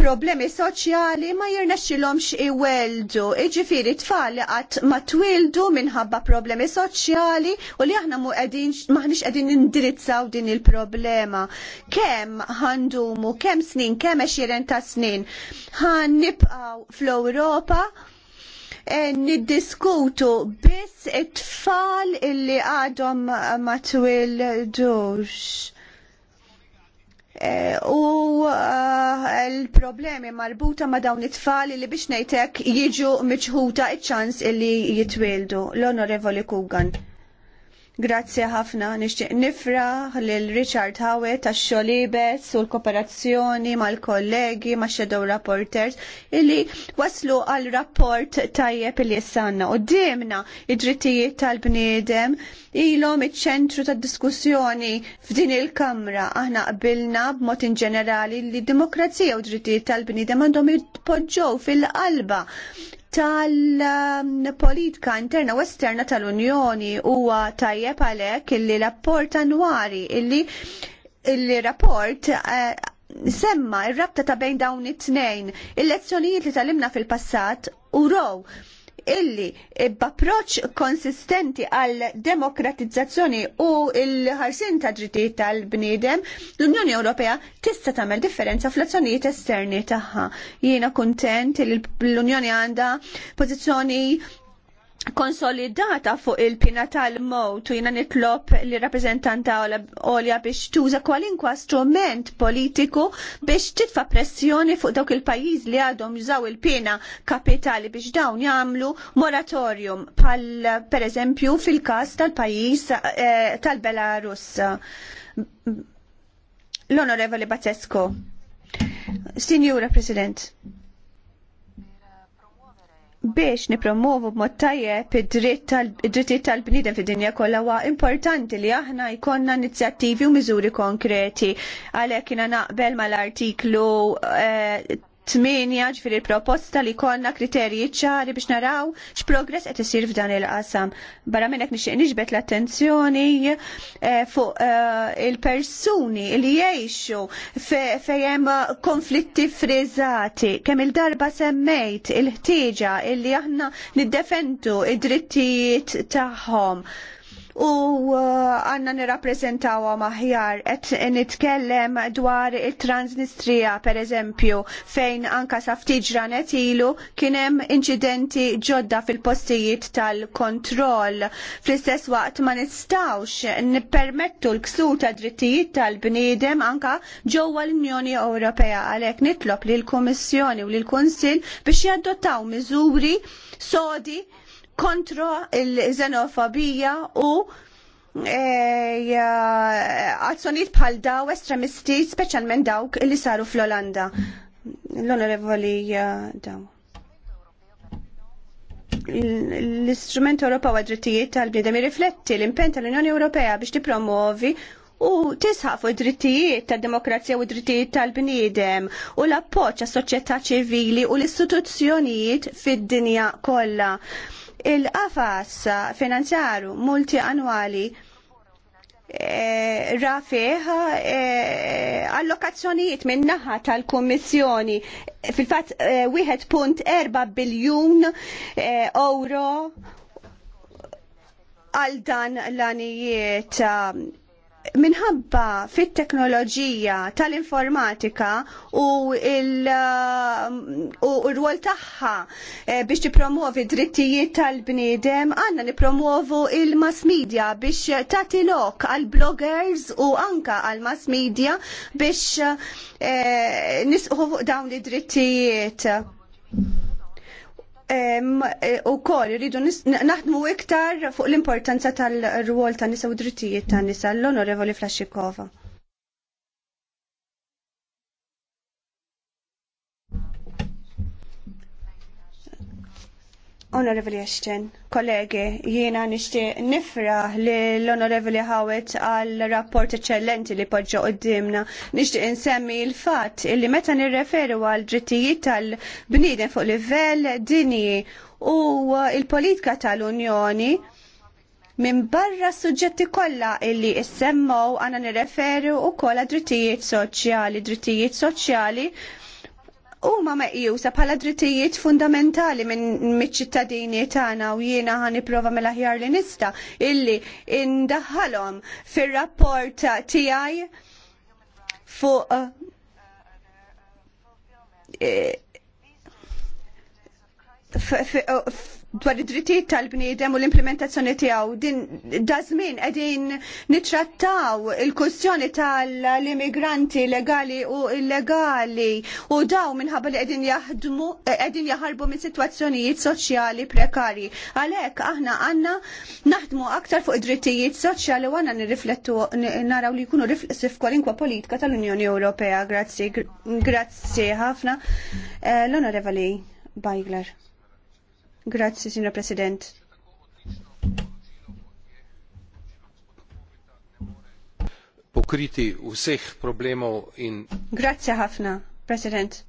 [SPEAKER 2] problemi soċjali ma jirnexxilhomx iweldu. Iġifieri tfal qatt ma twildu minħabba problemi soċjali u li aħna maħniex qegħdin indirizzaw din il-problema. Kemm ħandumu, kemm snin, kemm eċirenta ta' snin għan nibqgħu fl-Ewropa Eh, niddiskutu biss it-tfal illi għadhom matwil ġux. Eh, u eh, l-problemi marbuta ma dawn it-tfal li biex nejtek jiġu miċħuta iċ-ċans illi jitwildu. L-Onorevoli Kugan. Grazzi ħafna, nixtieq nifraħ lil Richard Hawet tax xolibet u l-kooperazzjoni mal-kollegi, ma' shadow rapporters illi waslu għal rapport tajjeb li jessanna u dimna id-drittijiet tal-bniedem ilhom iċ-ċentru tad-diskussjoni f'din il-Kamra aħna qbilna b'mod in ġenerali li d-demokrazija u d-drittijiet tal-bniedem għandhom jitpoġġow fil-qalba tal-politika interna u esterna tal-Unjoni huwa tajjeb għalhekk illi rapport annwali illi il-rapport eh, semma ir-rabta ta' bejn dawn it-tnejn, il-lezzjonijiet li talimna fil-passat u row illi b'approċċ konsistenti għal demokratizzazzjoni u l-ħarsin ta' drittijiet tal-bniedem, l-Unjoni Ewropea tista' tagħmel differenza fl-azzjonijiet esterni tagħha. Jiena kuntent li l-Unjoni għandha pożizzjoni konsolidata fuq il-pina tal-mowt u jina nitlob li rappresentanta olja biex tuża kwalinkwa strument politiku biex titfa pressjoni fuq dawk il-pajiz li għadhom jużaw il-pina kapitali biex dawn jagħmlu moratorium pal per eżempju fil-kas tal-pajiz eh, tal-Belarus. L-Onorevoli Bazzesco. Signora President biex nipromovu b'mod tajjeb id id-drittijiet tal-bniedem fid-dinja kollha huwa importanti li aħna jkollna inizjattivi u miżuri konkreti. Għalhekk jiena naqbel mal-artiklu eh, Tminja ġifiri proposta li kolna kriterji ċari biex naraw x'progress qed isir f'dan il-qasam. Barra minnek nixtieq niġbet l-attenzjoni eh, fuq eh, il-persuni li jgħixu fejn konflitti frizzati. Kemm il-darba semmejt il-ħtieġa illi aħna niddefendu id-drittijiet tagħhom u uh, għanna nirrappreżentawa maħjar qed nitkellem dwar il-Transnistria per eżempju fejn anka saftiġ ranet ilu kien hemm inċidenti ġodda fil-postijiet tal-kontroll. Fl-istess waqt ma nistawx nippermettu l-ksur ta' drittijiet tal-bniedem anka ġewwa l-Unjoni Ewropea għalhekk nitlob lill kummissjoni u lill kunsill biex jaddottaw miżuri sodi kontra il-xenofobija u eh, azzjonijiet bħal daw estremisti, speċjalment dawk li saru fl-Olanda. L-onorevoli daw. L-istrument Ewropew għad-drittijiet tal-bniedem jirrifletti l impenta tal-Unjoni Ewropea biex tippromovi u tisħafu id-drittijiet tad-demokrazija u id drittijiet tal-bniedem u l-appoċ għas-soċjetà ċivili u l-istituzzjonijiet fid-dinja kollha Il-qafas finanzjaru multianwali E, rafeħ eh, allokazzjonijiet minnaħa naħa tal-Kommissjoni fil-fatt 1.4 eh, biljun euro għal dan l-anijiet minħabba fit-teknoloġija tal-informatika u uh, r-rwol tagħha eh, biex tippromuovi drittijiet tal-bniedem, għandna nippromuovu il-mass media biex tagħti lok għal bloggers u anka għal mass media biex eh, nisqu dawn id-drittijiet. E, u kol rridu naħdmu iktar fuq l-importanza tal-rwol tan nisa u drittijiet tan nisa l-onorevoli Flashikova. Onorevoli Ashton, kollegi, jiena nixtieq nifra li l-Onorevoli Howitt għal rapport eccellenti li poġġo qoddimna. Nixtieq insemmi l fatt illi meta nirreferu għal drittijiet tal-bniedem fuq livell dinji u il-politika tal-Unjoni minn barra suġġetti kollha illi issemmaw għana nirreferu u kolla drittijiet soċjali, drittijiet soċjali huma meqjusa bħala drittijiet fundamentali minn miċ-ċittadini tagħna u jiena ħan nipprova mill-aħjar li nista illi indaħħalhom fir-rapport tiegħi fuq eh, eh, dwar id-drittijiet tal-bniedem u l-implementazzjoni tiegħu din dażmin qegħdin nittrattaw il-kwestjoni tal-immigranti legali u illegali u daw minħabba li qegħdin jaħdmu qegħdin jaħarbu minn sitwazzjonijiet soċjali prekarji. Għalhekk aħna għandna naħdmu aktar fuq id-drittijiet soċjali u għandna nirriflettu naraw li jkunu riflessi f'kwalinkwa politika tal-Unjoni Ewropea. Grazzi, grazzi ħafna. Eh, L-Onorevoli Bajgler. Grazzi, Signor President. Pokriti u problemov in. Grazzi ħafna, President.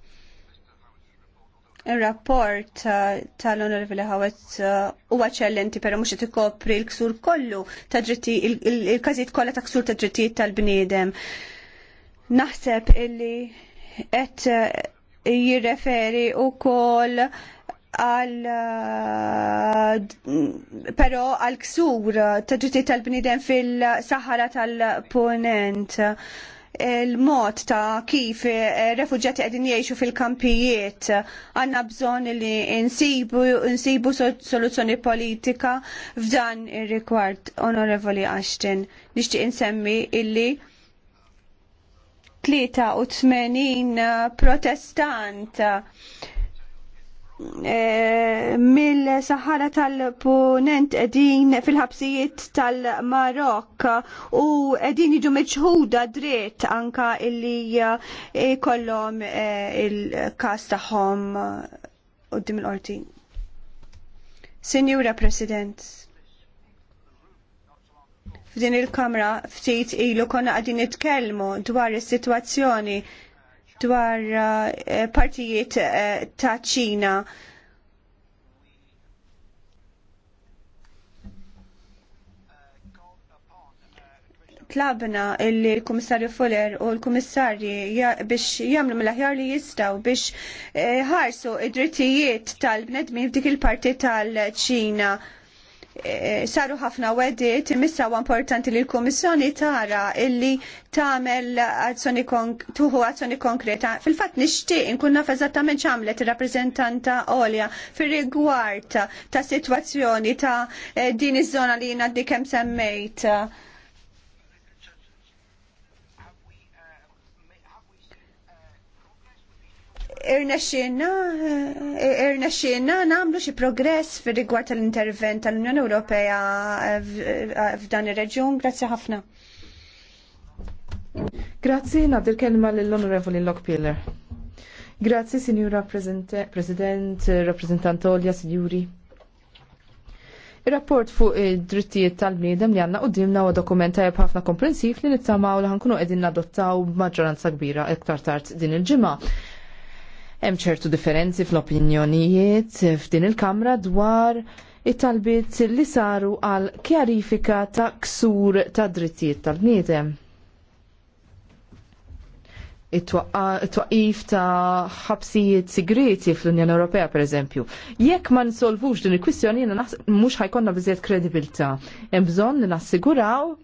[SPEAKER 2] Il-rapport eh, tal-Onorevole Hawet eh, huwa ċellenti, però mhux qed ikopri l-ksur kollu ta' dritti il-każijiet kollha ta' ksur ta' drittijiet tal-bniedem. Naħseb illi qed eh, jirreferi wkoll għal eh, pero għal ksur taġuti tal-bnidem fil-Sahara tal-Ponent il-mod ta' kif eh, refugġati għedin jiexu fil-kampijiet għanna bżon li insibu, insibu soluzzjoni politika f'dan il rekward onorevoli Ashton. Nishti insemmi illi 83 eh, protestant Eh, mill-Sahara tal-Punent edin fil-ħabsijiet tal-Marok u edin iġu meċħuda dritt anka illi eh, kollom eh, il-kas taħħom dim il-qorti. Senjura President, f'din il-Kamra ftit ilu konna għadin nitkellmu dwar is-sitwazzjoni dwar eh, partijiet eh, ta' ċina. tlabna illi l-Kummissarju Fuller u l-Kummissarji biex jagħmlu mill-aħjar li jistgħu biex eh, ħarsu id-drittijiet tal-bnedmin f'dik il-parti tal-Ċina. tal bnedmin fdik il parti tal ċina saru ħafna wedit, missa u importanti li l-Komissjoni tara illi tamel azzjoni tuħu azzjoni konkreta. Fil-fat nixtieq nkun naf eżattament x'għamlet ir-rappreżentanta Olja fir-rigward ta' situazzjoni ta' eh, din iż-żona li jina dikem semmejt Irna irnexxina nagħmlu xi progress fi rigward tal-intervent tal-Unjoni Ewropea f'dan ir-reġjun. Grazzi ħafna.
[SPEAKER 4] Grazzi, nagħti l-kelma lill-Onorevoli Lockpiller. Grazzi, Sinjura President, Olja, Signori. Il-rapport fuq id-drittijiet tal-bniedem li għanna dimna u dokumenta ħafna komprensiv li nittamaw li ħankunu edin nadottaw maġġoranza kbira iktar tard din il-ġimgħa. Hemm ċertu differenzi fl-opinjonijiet f'din il-Kamra dwar it-talbiet li saru għal kjarifika ta' ksur ta' drittijiet tal-bniedem. It-twaqif ta' ħabsijiet sigreti fl-Unjoni Ewropea, per eżempju. Jekk ma nsolvux din il-kwistjoni, jena mhux ħajkonna biżiet kredibilta. Hemm bżonn li nassiguraw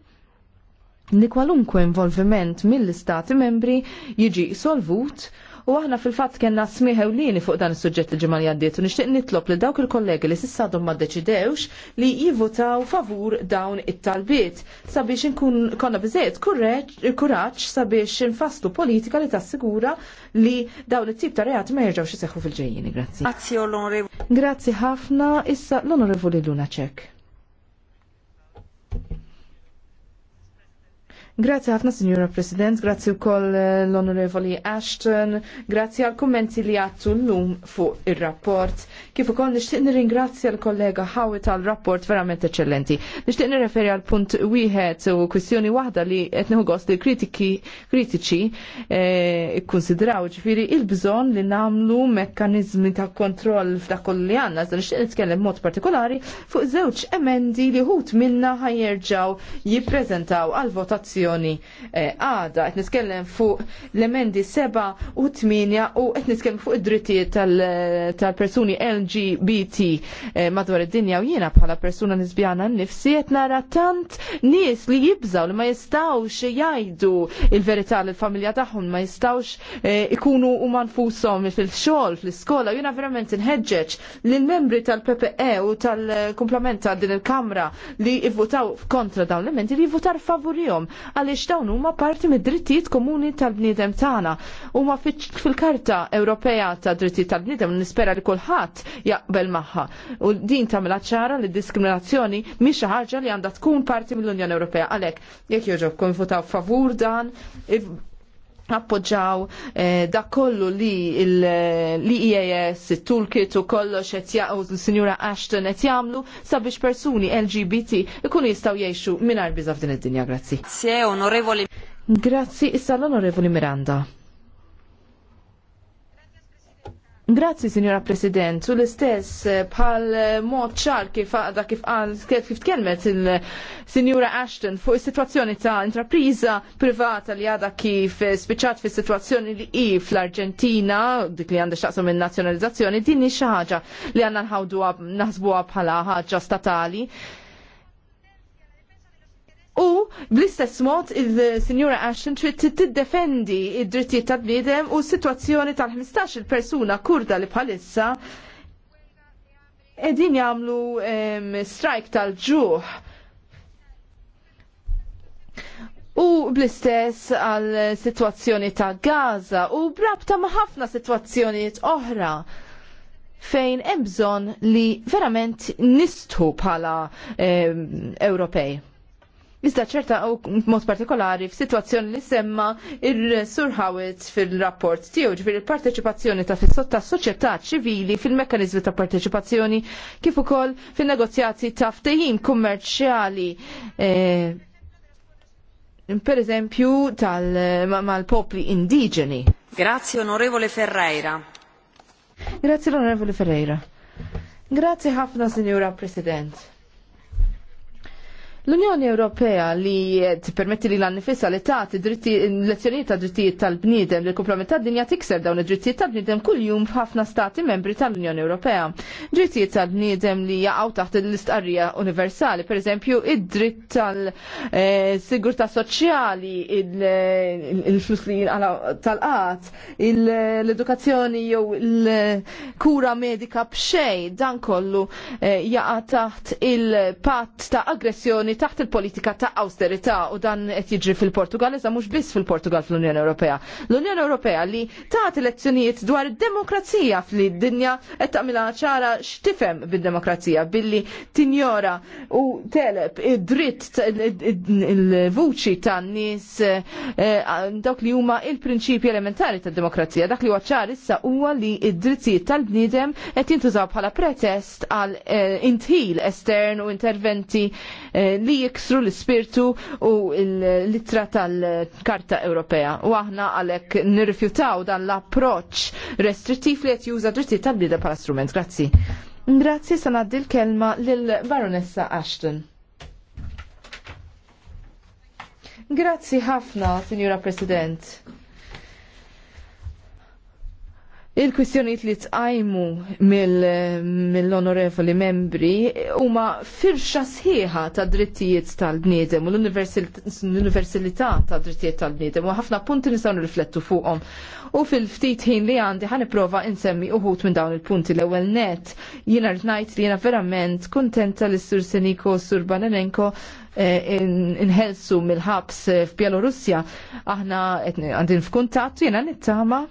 [SPEAKER 4] li kwalunkwe involviment mill-istati membri jiġi solvut U aħna fil-fatt kena u lini fuq dan is sujġet il-ġimgħa li għaddiet u nixtieq nitlob lil dawk il-kollegi li s'issadhom ma ddeċidewx li jivotaw favur dawn it-talbiet sabiex inkun konna bizet kuraġġ sabiex nfastu politika li tassigura li dawn it-tip ta' reati ma jerġgħux iseħħu fil ġejjini Grazzi.
[SPEAKER 3] Grazzi onorevoli.
[SPEAKER 4] Grazzi ħafna issa l-onorevoli Luna Ċek. Grazzi ħafna, Signora President, grazzi wkoll eh, l-Onorevoli Ashton, grazie għal kummenti li għattu l-lum fuq il-rapport. Kif ukoll nixtieq nirringrazzja l-kollega Howitt għal rapport verament eċċellenti. Nixtieq nirreferi għal punt wieħed u kwistjoni waħda li qed neħu gost li kritiki kritiċi eh, ikkunsidraw ġifieri il-bżonn li nagħmlu mekkaniżmi ta' kontroll f'dak kollu li għandna, iżda nixtieq nitkellem mod partikolari fuq żewġ emendi li ħut minna ħajerġaw jippreżentaw għal votazzjoni votazzjoni eh, għada. Qed etniskellem fuq l-emendi 7 u 8 u qed fuq id-drittijiet tal-persuni LGBT eh, madwar id-dinja u jiena bħala persuna nisbjana nnifsi qed nara tant nies li jibżaw li ma jistawx jgħidu il-verità lill-familja tagħhom ma jistawx eh, ikunu huma nfushom fil-xogħol, fl-iskola, jiena verament inħeġġeġ lill-membri tal-PPE u tal komplementa ta' din il-Kamra li jivvutaw kontra dawn l-elementi li jivvotar favorihom għaliex dawn huma parti mid-drittijiet komuni tal-bniedem tagħna. Huma fil-Karta Ewropea ta' drittijiet tal-bniedem nispera li kulħadd jaqbel magħha. U din tagħmilha ċara li diskriminazzjoni mhix xi ħaġa li għandha tkun parti mill-Unjoni Ewropea. Għalhekk jekk joġobkom votaw favur dan, appoġġaw eh, da kollu li l-IAS, e il-Toolkit u kollox qed jaqgħu l-Sinjura Ashton qed jagħmlu sabiex persuni LGBT ikunu jistgħu jgħixu mingħajr biża f'din id-dinja, grazzi.
[SPEAKER 3] Se onorevoli.
[SPEAKER 4] Grazzi, issa l-onorevoli Miranda. Grazzi, Signora President, u l-istess eh, bħal eh, mod ċar kif għada kif għal kif tkelmet il-Signora eh, Ashton fuq is-sitwazzjoni ta' intrapriża privata li għadha kif spiċċat fis sitwazzjoni li hi fl-Arġentina, dik li għandha xaqsam il-nazzjonalizzazzjoni, din hi xi ħaġa li għandna nħawduha naħsbuha bħala ħaġa statali U bl-istess mod il-Sinjura Ashton trid tiddefendi id-drittijiet tal-bniedem u s-sitwazzjoni tal-15 il-persuna kurda li bħalissa edin jagħmlu strajk tal-ġuħ. U bl-istess għal situazzjoni ta' Gaza u brabta ma' ħafna sitwazzjonijiet oħra fejn hemm bżonn li verament nistħu bħala eh, Ewropej. Iżda ċerta u mod partikolari f'sitwazzjoni li semma ir sur Hawit fil-rapport tiegħu ġifier il-parteċipazzjoni ta' tas soċjetà ċivili fil-mekkaniżmi ta' parteċipazzjoni kif ukoll fin-negozjati ta' ftehim kummerċjali e, per eżempju mal-popli indiġeni.
[SPEAKER 3] Grazie onorevole Ferreira.
[SPEAKER 4] Grazie onorevole Ferreira. Grazie ħafna, Signora President. L-Unjoni Ewropea li permetti li l-annifissa li tagħti lezzjonijiet ta' drittijiet tal-bniedem li l d tad-dinja tikser dawn id-drittijiet tal kull kuljum f'ħafna stati membri tal-Unjoni Ewropea. Drittijiet tal-bniedem li jaqgħu taħt l-istqarrija universali, pereżempju id-dritt tal-sigurtà eh, soċjali, il-flus li tal-qat, l-edukazzjoni jew l-kura medika b'xej, dan kollu eh, jaqa' taħt il-patt ta' aggressjoni taħt il-politika ta' austerità u dan qed jiġri fil-Portugal iżda mhux biss fil-Portugal fl-Unjoni Ewropea. L-Unjoni Ewropea li tagħti lezzjonijiet dwar id-demokrazija fl-dinja qed tagħmilha ċara x'tifhem bid-demokrazija billi tinjora u teleb id-dritt il-vuċi tan-nies eh, dawk li huma il-prinċipji elementari tad-demokrazija. Dak li huwa ċar issa huwa li id-drittijiet tal-bniedem qed jintużaw bħala pretest għal eh, intħil estern u interventi eh, li jiksru l-spirtu u l-ittra tal-Karta Ewropea. U aħna għalek nirrifjutaw dan l-approċ restrittiv li qed juża tal bida bħala strument. Grazzi. Grazzi sa naddi l-kelma lil Baronessa Ashton. Grazzi ħafna, Signora President. il-kwistjoniet li tqajmu mill-onorevoli mil membri huma firxa sħiħa ta' drittijiet tal-bniedem u l-universalità ta' drittijiet tal-bniedem u ħafna punti nistgħu nirriflettu fuqhom. U fil-ftit ħin li għandi prova insemmi uħut minn dawn il-punti l-ewwel net jiena rrid ngħid li jiena verament kuntenta li sur Seniko sur Bananenko eh, inħelsu mill-ħabs f'Bjelorussja. Aħna għandin f'kuntatt jiena nittama'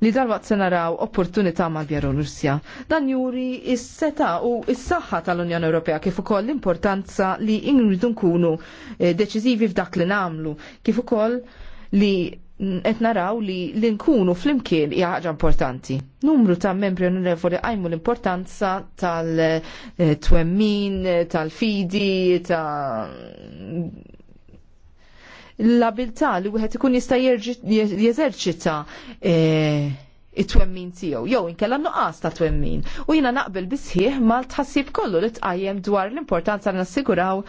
[SPEAKER 4] li dalwaqt se naraw opportunità ma' Russja, Dan juri is-seta u is-saħħa tal-Unjoni Ewropea kif ukoll l-importanza li inridu nkunu eh, deċiżivi f'dak li nagħmlu, kif ukoll li qed naraw li l-inkunu fl-imkien hija ħaġa importanti. Numru ta' membri onorevoli għajmu l-importanza tal-twemmin, eh, tal-fidi, ta' l-abilità li wieħed ikun jista' jeżerċita e, it-twemmin tiegħu jew inkella nuqqas ta' twemmin. U jiena naqbel bisħieħ mal-tħassib kollu li tqajjem dwar l-importanza li nassiguraw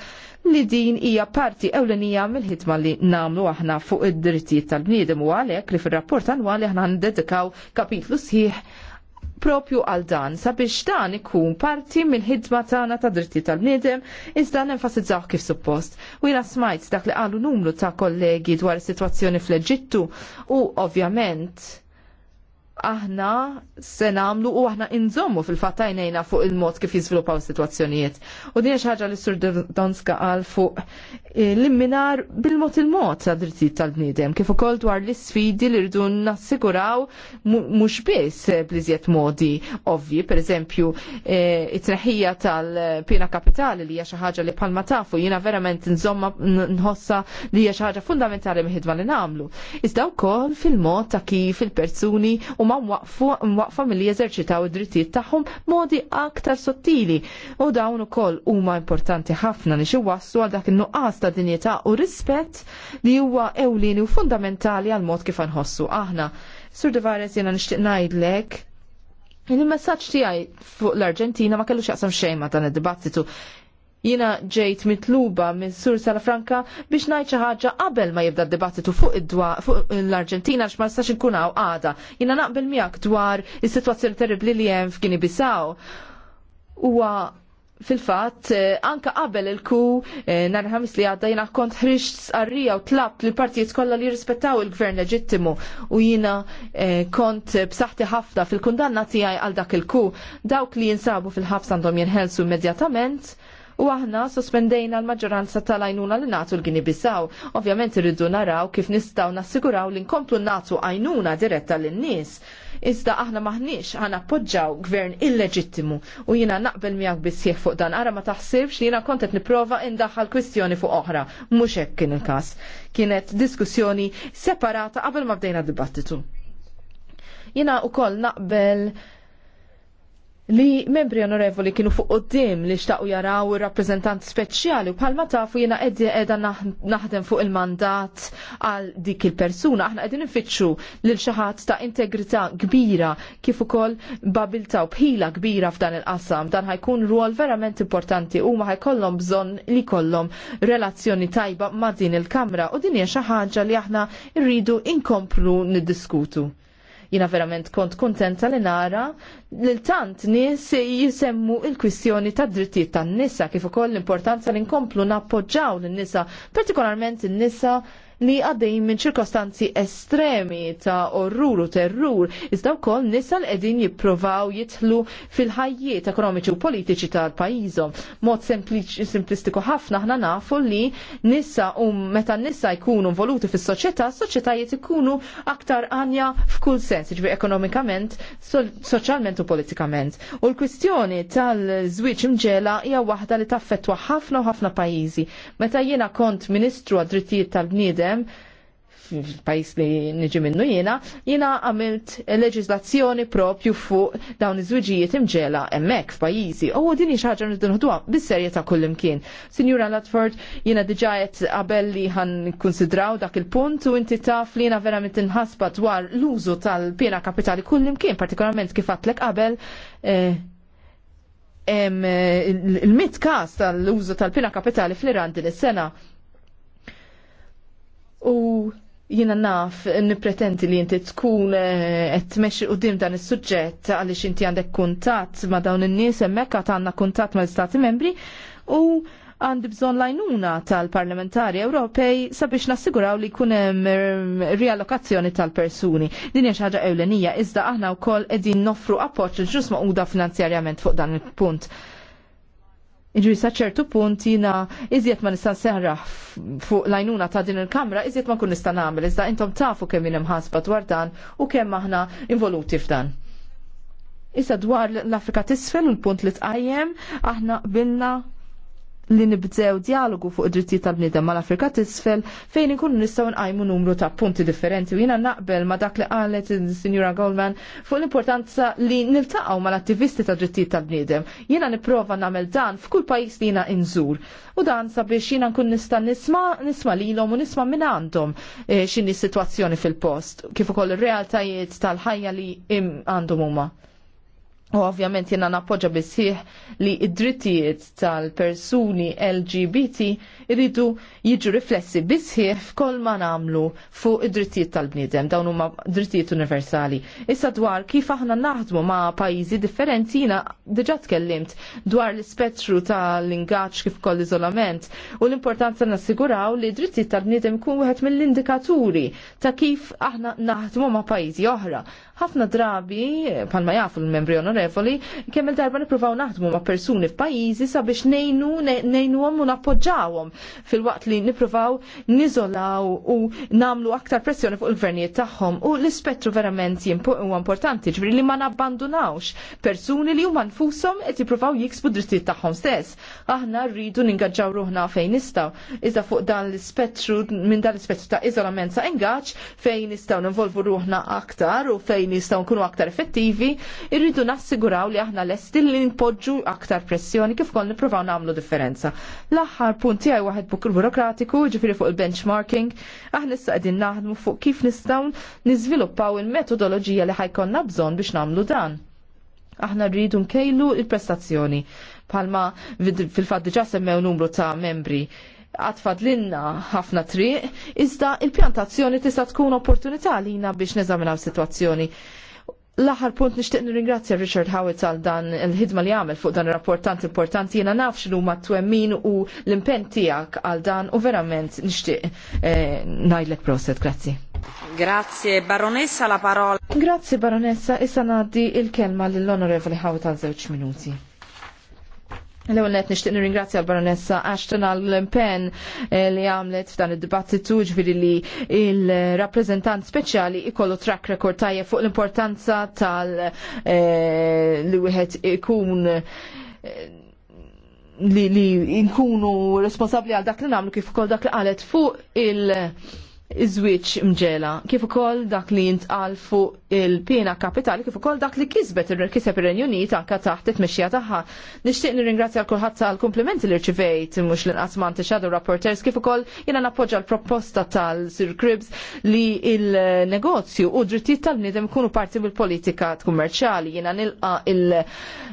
[SPEAKER 4] li din hija parti ewlenija mill-ħidma li nagħmlu aħna fuq id-drittijiet tal-bniedem u għalhekk li fir-rapport annwali aħna ndedikaw kapitlu sħiħ propju għal dan sabiex dan ikun parti mill-ħidma tagħna ta' dritti tal-bniedem iżda nenfasizzaw kif suppost. U jiena smajt dak li qalu numru ta' kollegi dwar is-sitwazzjoni fl-Eġittu u ovvjament aħna se nagħmlu u aħna inżommu fil-fattajnejna fuq il-mod kif jizvilupaw situazzjonijiet. sitwazzjonijiet U din ħaġa li Sur Donska qal fuq eh, l-imminar bil-mod il-mod sa' drittijiet tal-bniedem, kif ukoll dwar l-isfidi li rridu nassiguraw mhux biss bliżjed modi per pereżempju eh, it-tneħħija tal-pina kapitali li hija xi ħaġa li bħalma tafu jiena verament nżomma nħossa li hija xi ħaġa fundamentali miħidma li nagħmlu. Iżda wkoll fil-mod ta' kif il-persuni u huma mwaqfa milli jeżerċitaw id-drittijiet tagħhom modi aktar sottili u dawn ukoll huma importanti ħafna li iwasslu għal dak in-nuqqas ta' dinjità u rispett li huwa ewlieni u fundamentali għal mod kif nħossu aħna. Sur Devares jiena nixtieq ngħidlek il messaġġ tiegħi fuq l-Arġentina ma kellux jaqsam xejn ma' dan id-dibattitu. Jina ġejt mitluba minn Sur Salafranka biex ngħid xi ħaġa qabel ma jibda d-dibattitu fuq id-dwa fuq l-Arġentina għax ma nistax inkun hawn għada. Jiena naqbel miegħek dwar is-sitwazzjoni terribbli li hemm f'Gini Bisaw. Huwa fil fatt eh, anka qabel il-ku eh, nhar ħamis li għadda jina kont ħriġt sqarrija u tlabt li partijiet kollha li jirrispettaw il-gvern leġittimu u jina eh, kont b'saħħti ħafna fil-kundanna tiegħi għal dak il-ku dawk li jinsabu fil-ħabs għandhom jinħelsu immedjatament u aħna sospendejna l-maġġoranza tal-għajnuna li natu l-Gini bisaw. Ovvjament irridu naraw kif nistaw nassiguraw li nkomplu natu għajnuna diretta l-nis iżda aħna maħniex għan appoġġaw gvern illeġittimu u jina naqbel miegħek bisħieħ fuq dan ara ma taħsibx li jina kontet niprofa indaħħal kwistjoni fuq oħra. Mhux hekk kien il-każ. Kienet diskussjoni separata qabel ma bdejna dibattitu. Jina u koll naqbel li membri onorevoli kienu fuq qoddim li xtaqu jaraw il-rappresentant speċjali u bħalma tafu jena eddi edha naħdem fuq il-mandat għal dik il-persuna. Aħna edin nfittxu lil xaħat ta' integrità kbira kif ukoll babilta u bħila kbira f'dan il-qasam. Dan ħajkun ruol verament importanti u ma ħajkollhom bżonn li kollhom relazzjoni tajba ma' din il-Kamra u din hija xi ħaġa li aħna rridu inkomplu niddiskutu. Jina verament kont kontenta li nara li tant nis jisemmu il-kwistjoni ta' drittijiet tan-nisa kif ukoll l-importanza li nkomplu nappoġġaw lin-nisa, partikolarment in-nisa li għaddejn minn ċirkostanzi estremi ta' orrur u terrur, iżda wkoll nisa edin jippruvaw jidħlu fil-ħajjiet ekonomiċi u politiċi tal-pajjiżhom. Mod simplistiku ħafna aħna nafu li nisa u um, meta nisa jkunu involuti fis-soċjetà, soċjetajiet ikunu aktar għanja f'kull sens, ġbi jiġifieri ekonomikament, soċjalment u politikament. U l-kwistjoni tal-żwieġ imġela hija waħda li taffettwa ħafna u ħafna pajjiżi. Meta jiena kont Ministru għad-Drittijiet tal-Bniedem, Jerusalem, pajis li niġi minnu jena, jena għamilt leġizlazzjoni propju fuq dawn iż-żwiġijiet imġela emmek f'pajjiżi. U din hija ħaġa nidinħduha bis kull kullimkien. Sinjura Latford, jena diġa qed qabel li ħan konsidraw dak il-punt u inti taf li jena verament inħasba dwar l-użu tal-pjena kapitali kullimkien, partikolarment kif għatlek qabel eh, eh, il-mit kas tal-użu tal-pjena kapitali fl-Iran din is-sena. U jina naf nipretenti li inti tkun eh, qed tmexxi dim dan is-suġġett għaliex inti għandek kuntatt ma' dawn in-nies hemmhekk għanna għandna kuntatt mal-Istati Membri u għandi bżonn lajnuna tal-parlamentari Ewropej sabiex nassiguraw li jkun hemm eh, riallokazzjoni tal-persuni. Din hija ewlenija iżda aħna wkoll qegħdin noffru appoġġ ġus maquda finanzjarjament fuq dan il-punt. Iġri saċertu punt jina iżjed ma nistan seħra fuq lajnuna ta' din il-kamra, iżjed ma kun nistan għamil, iżda intom tafu kemm jien imħasba dwar dan u kemm aħna involuti f'dan. Issa dwar l-Afrika tisfel u l-punt li tqajjem, aħna bilna li nibdew dialogu fuq id-drittijiet tal-bniedem mal-Afrika t'isfel fejn inkunu nistgħu nqajmu numru ta' punti differenti u jiena naqbel ma' dak li qalet il-Sinjura Goldman fuq l-importanza li niltaqgħu mal-attivisti ta' drittijiet tal-bniedem. Jiena nipprova nagħmel dan f'kull pajjiż li jiena inżur. U dan sabiex jiena nkun nista' nisma' nisma' lilhom u nisma' minn għandhom e, x'inhi s-sitwazzjoni fil-post, kif ukoll ir-realtajiet tal-ħajja li għandhom huma. U ovvjament jena napoġa bisħiħ li id-drittijiet tal-persuni LGBT irridu jiġu riflessi bisħiħ f'kol ma namlu fuq id-drittijiet tal-bnidem, dawn huma drittijiet universali. Issa dwar kif aħna naħdmu ma' pajjiżi differenti jina diġà tkellimt dwar l-ispettru tal-ingaġġ kif kol iżolament u l-importanza nassiguraw li d-drittijiet tal-bnidem kun wieħed mill-indikaturi ta' kif aħna naħdmu ma' pajjiżi oħra ħafna drabi, palma jafu l-membri onorevoli, kemm il-darba niprufaw naħdmu ma' persuni f'pajjiżi sabiex nejnu, nejnuhom u nappoġġawhom fil-waqt li niprufaw nizolaw u namlu aktar pressjoni fuq il verniet tagħhom u l-ispettru verament huwa importanti, ġifieri li ma nabbandunawx persuni li huma nfushom qed jippruvaw jiksbu drittijiet tagħhom stess. Aħna rridu ningaġġaw ruħna fejn nistgħu. Iżda fuq dan l-ispettru minn dan l-ispettru ta' iżolament sa' ingaġġ fejn nistgħu nivolvu ruħna aktar u fejn fejn nistgħu nkunu aktar effettivi, irridu nassiguraw li aħna lesti li npoġġu aktar pressjoni kif kol nippruvaw nagħmlu differenza. L-aħħar punt tiegħi waħed il burokratiku, ġifieri fuq il-benchmarking, aħna issa qegħdin naħdmu fuq kif nistgħu niżviluppaw il-metodoloġija li ħajkonna bżonn biex nagħmlu dan. Aħna rridu nkejlu il-prestazzjoni palma fil-fat diġa semmew numru ta' membri għatfad l-inna ħafna triq, iżda il-pjantazzjoni tista' tkun opportunità jina biex neżaminaw situazzjoni. L-aħħar punt nixtieq nirringrazzja Richard Howitz għal dan il-ħidma li għamil fuq dan ir-rapport tant importanti jiena nafx li huma twemmin u l-impenn tiegħek għal dan u verament nixtieq eh, ngħidlek proset, grazzi.
[SPEAKER 3] Grazie Baronessa la parola.
[SPEAKER 4] Grazie Baronessa, issa ngħaddi il-kelma lill-Onorevoli Howitz għal żewġ minuti. L-ewwel qed nixtieq nirringrazzja l-Baronessa Ashton għall-impenn eh, li għamlet f'dan id-dibattitu ġifieri li il-rappreżentant speċjali ikollu track record tajjeb fuq l-importanza tal eh, li wieħed ikun eh, li, li nkunu responsabli għal dak li nagħmlu kif ukoll dak li qalet fuq il- iż-żwieġ mġela, kif ukoll dak li jintqal fuq il pina kapitali, kif ukoll dak li kisbet kiseb ir-Renju Unit anke taħt it-tmexxija tagħha. Nixtieq nirringrazzja kulħadd tal-komplimenti li rċivejt mhux l-inqasmanti shadow rapporters kif ukoll jiena nappoġġa l-proposta tal-Sir Cribs li il-negozju u drittijiet tal-bniedem ikunu parti mill-politika kummerċjali. Jiena nilqa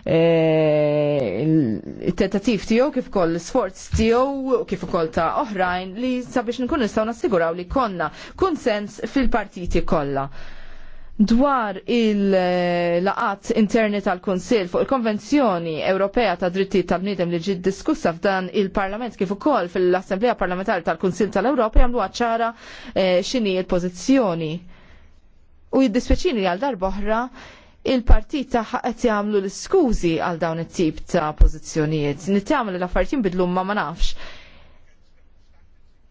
[SPEAKER 4] eh, il-tentativ tiegħu kif ukoll l-sforz tiegħu kif ukoll ta' oħrajn li sabiex nkun nistgħu nassiguraw li konna konsens fil-partiti kollha dwar il-laqat interni tal-Konsil fuq il-Konvenzjoni Ewropea ta' Dritti tal-Bniedem li ġiet diskussa f'dan il-Parlament kif ukoll fil-Assemblea Parlamentari tal-Konsil tal-Ewropa jagħmlu ċara eh, x'inhi l-pożizzjoni. U jiddispjaċini li għal darboħra il-partit ta' qed jagħmlu l-iskużi għal dawn it-tip ta' pożizzjonijiet. Nittgħamlu l-affarijiet jinbidlu ma ma nafx.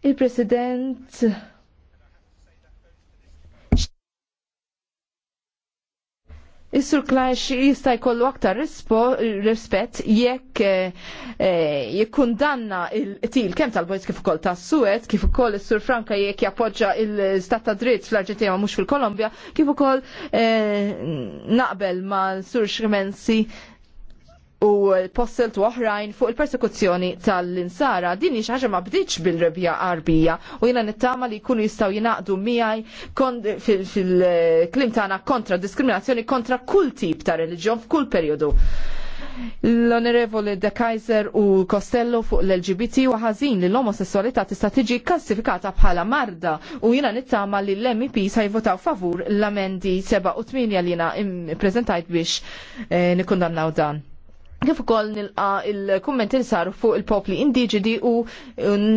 [SPEAKER 4] Il-President Is-sur Klajx jista' jkollu aktar rispett jekk eh, eh, jikkundanna il-til kemm tal-Bojz kif ukoll tas-Suez, kif ukoll is-sur Franka jekk jappoġġa il-Stat ta' dritt fl-Arġentina mhux fil-Kolombja, kif ukoll eh, naqbel ma' sur Xmensi u l-posselt oħrajn fuq il-persekuzzjoni tal-insara. Din hija ħaġa ma bdiċ bil-rebja qarbija u jiena nittama li jkunu jistgħu jingħaqdu miegħi fil-klim tagħna kontra diskriminazzjoni kontra kull tip ta' reliġjon f'kull perjodu. L-Onorevoli De Kaiser u Costello fuq l-LGBT u ħażin li l-omosessualità tista' tiġi kassifikata bħala marda u jiena nittama li l-MEP sa jvotaw favur l-amendi 7 u 8 li jiena prezentajt biex eh, nikundannaw dan kif ukoll nilqa il-kummenti li saru fuq il-popli indiġidi u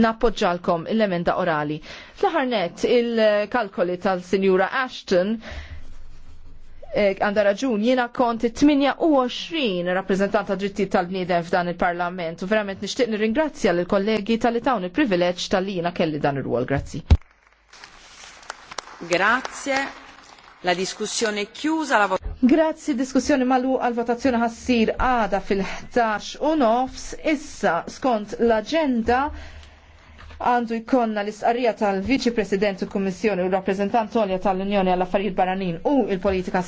[SPEAKER 4] nappoġġalkom l-emenda orali. Fl-aħħar net il-kalkoli tal-Sinjura Ashton e, għanda raġun, jiena kont 28 rappresentanta dritti tal-bniedem f'dan il-parlament u verament nishtiq nirringrazzja l-kollegi tal dawn il-privileġġ tal-li jiena kelli dan ir-rwol. Grazzi.
[SPEAKER 3] Grazie. La diskussjoni è chiusa. La
[SPEAKER 4] Grazzi, diskussjoni malu għal-votazzjoni ħassir għada fil-11 u nofs. Issa, skont l-agenda, għandu jkonna l-istqarrija tal-Viċi President u Kummissjoni u rappresentant tal-Unjoni għall-Affarijiet Baranin u il-Politika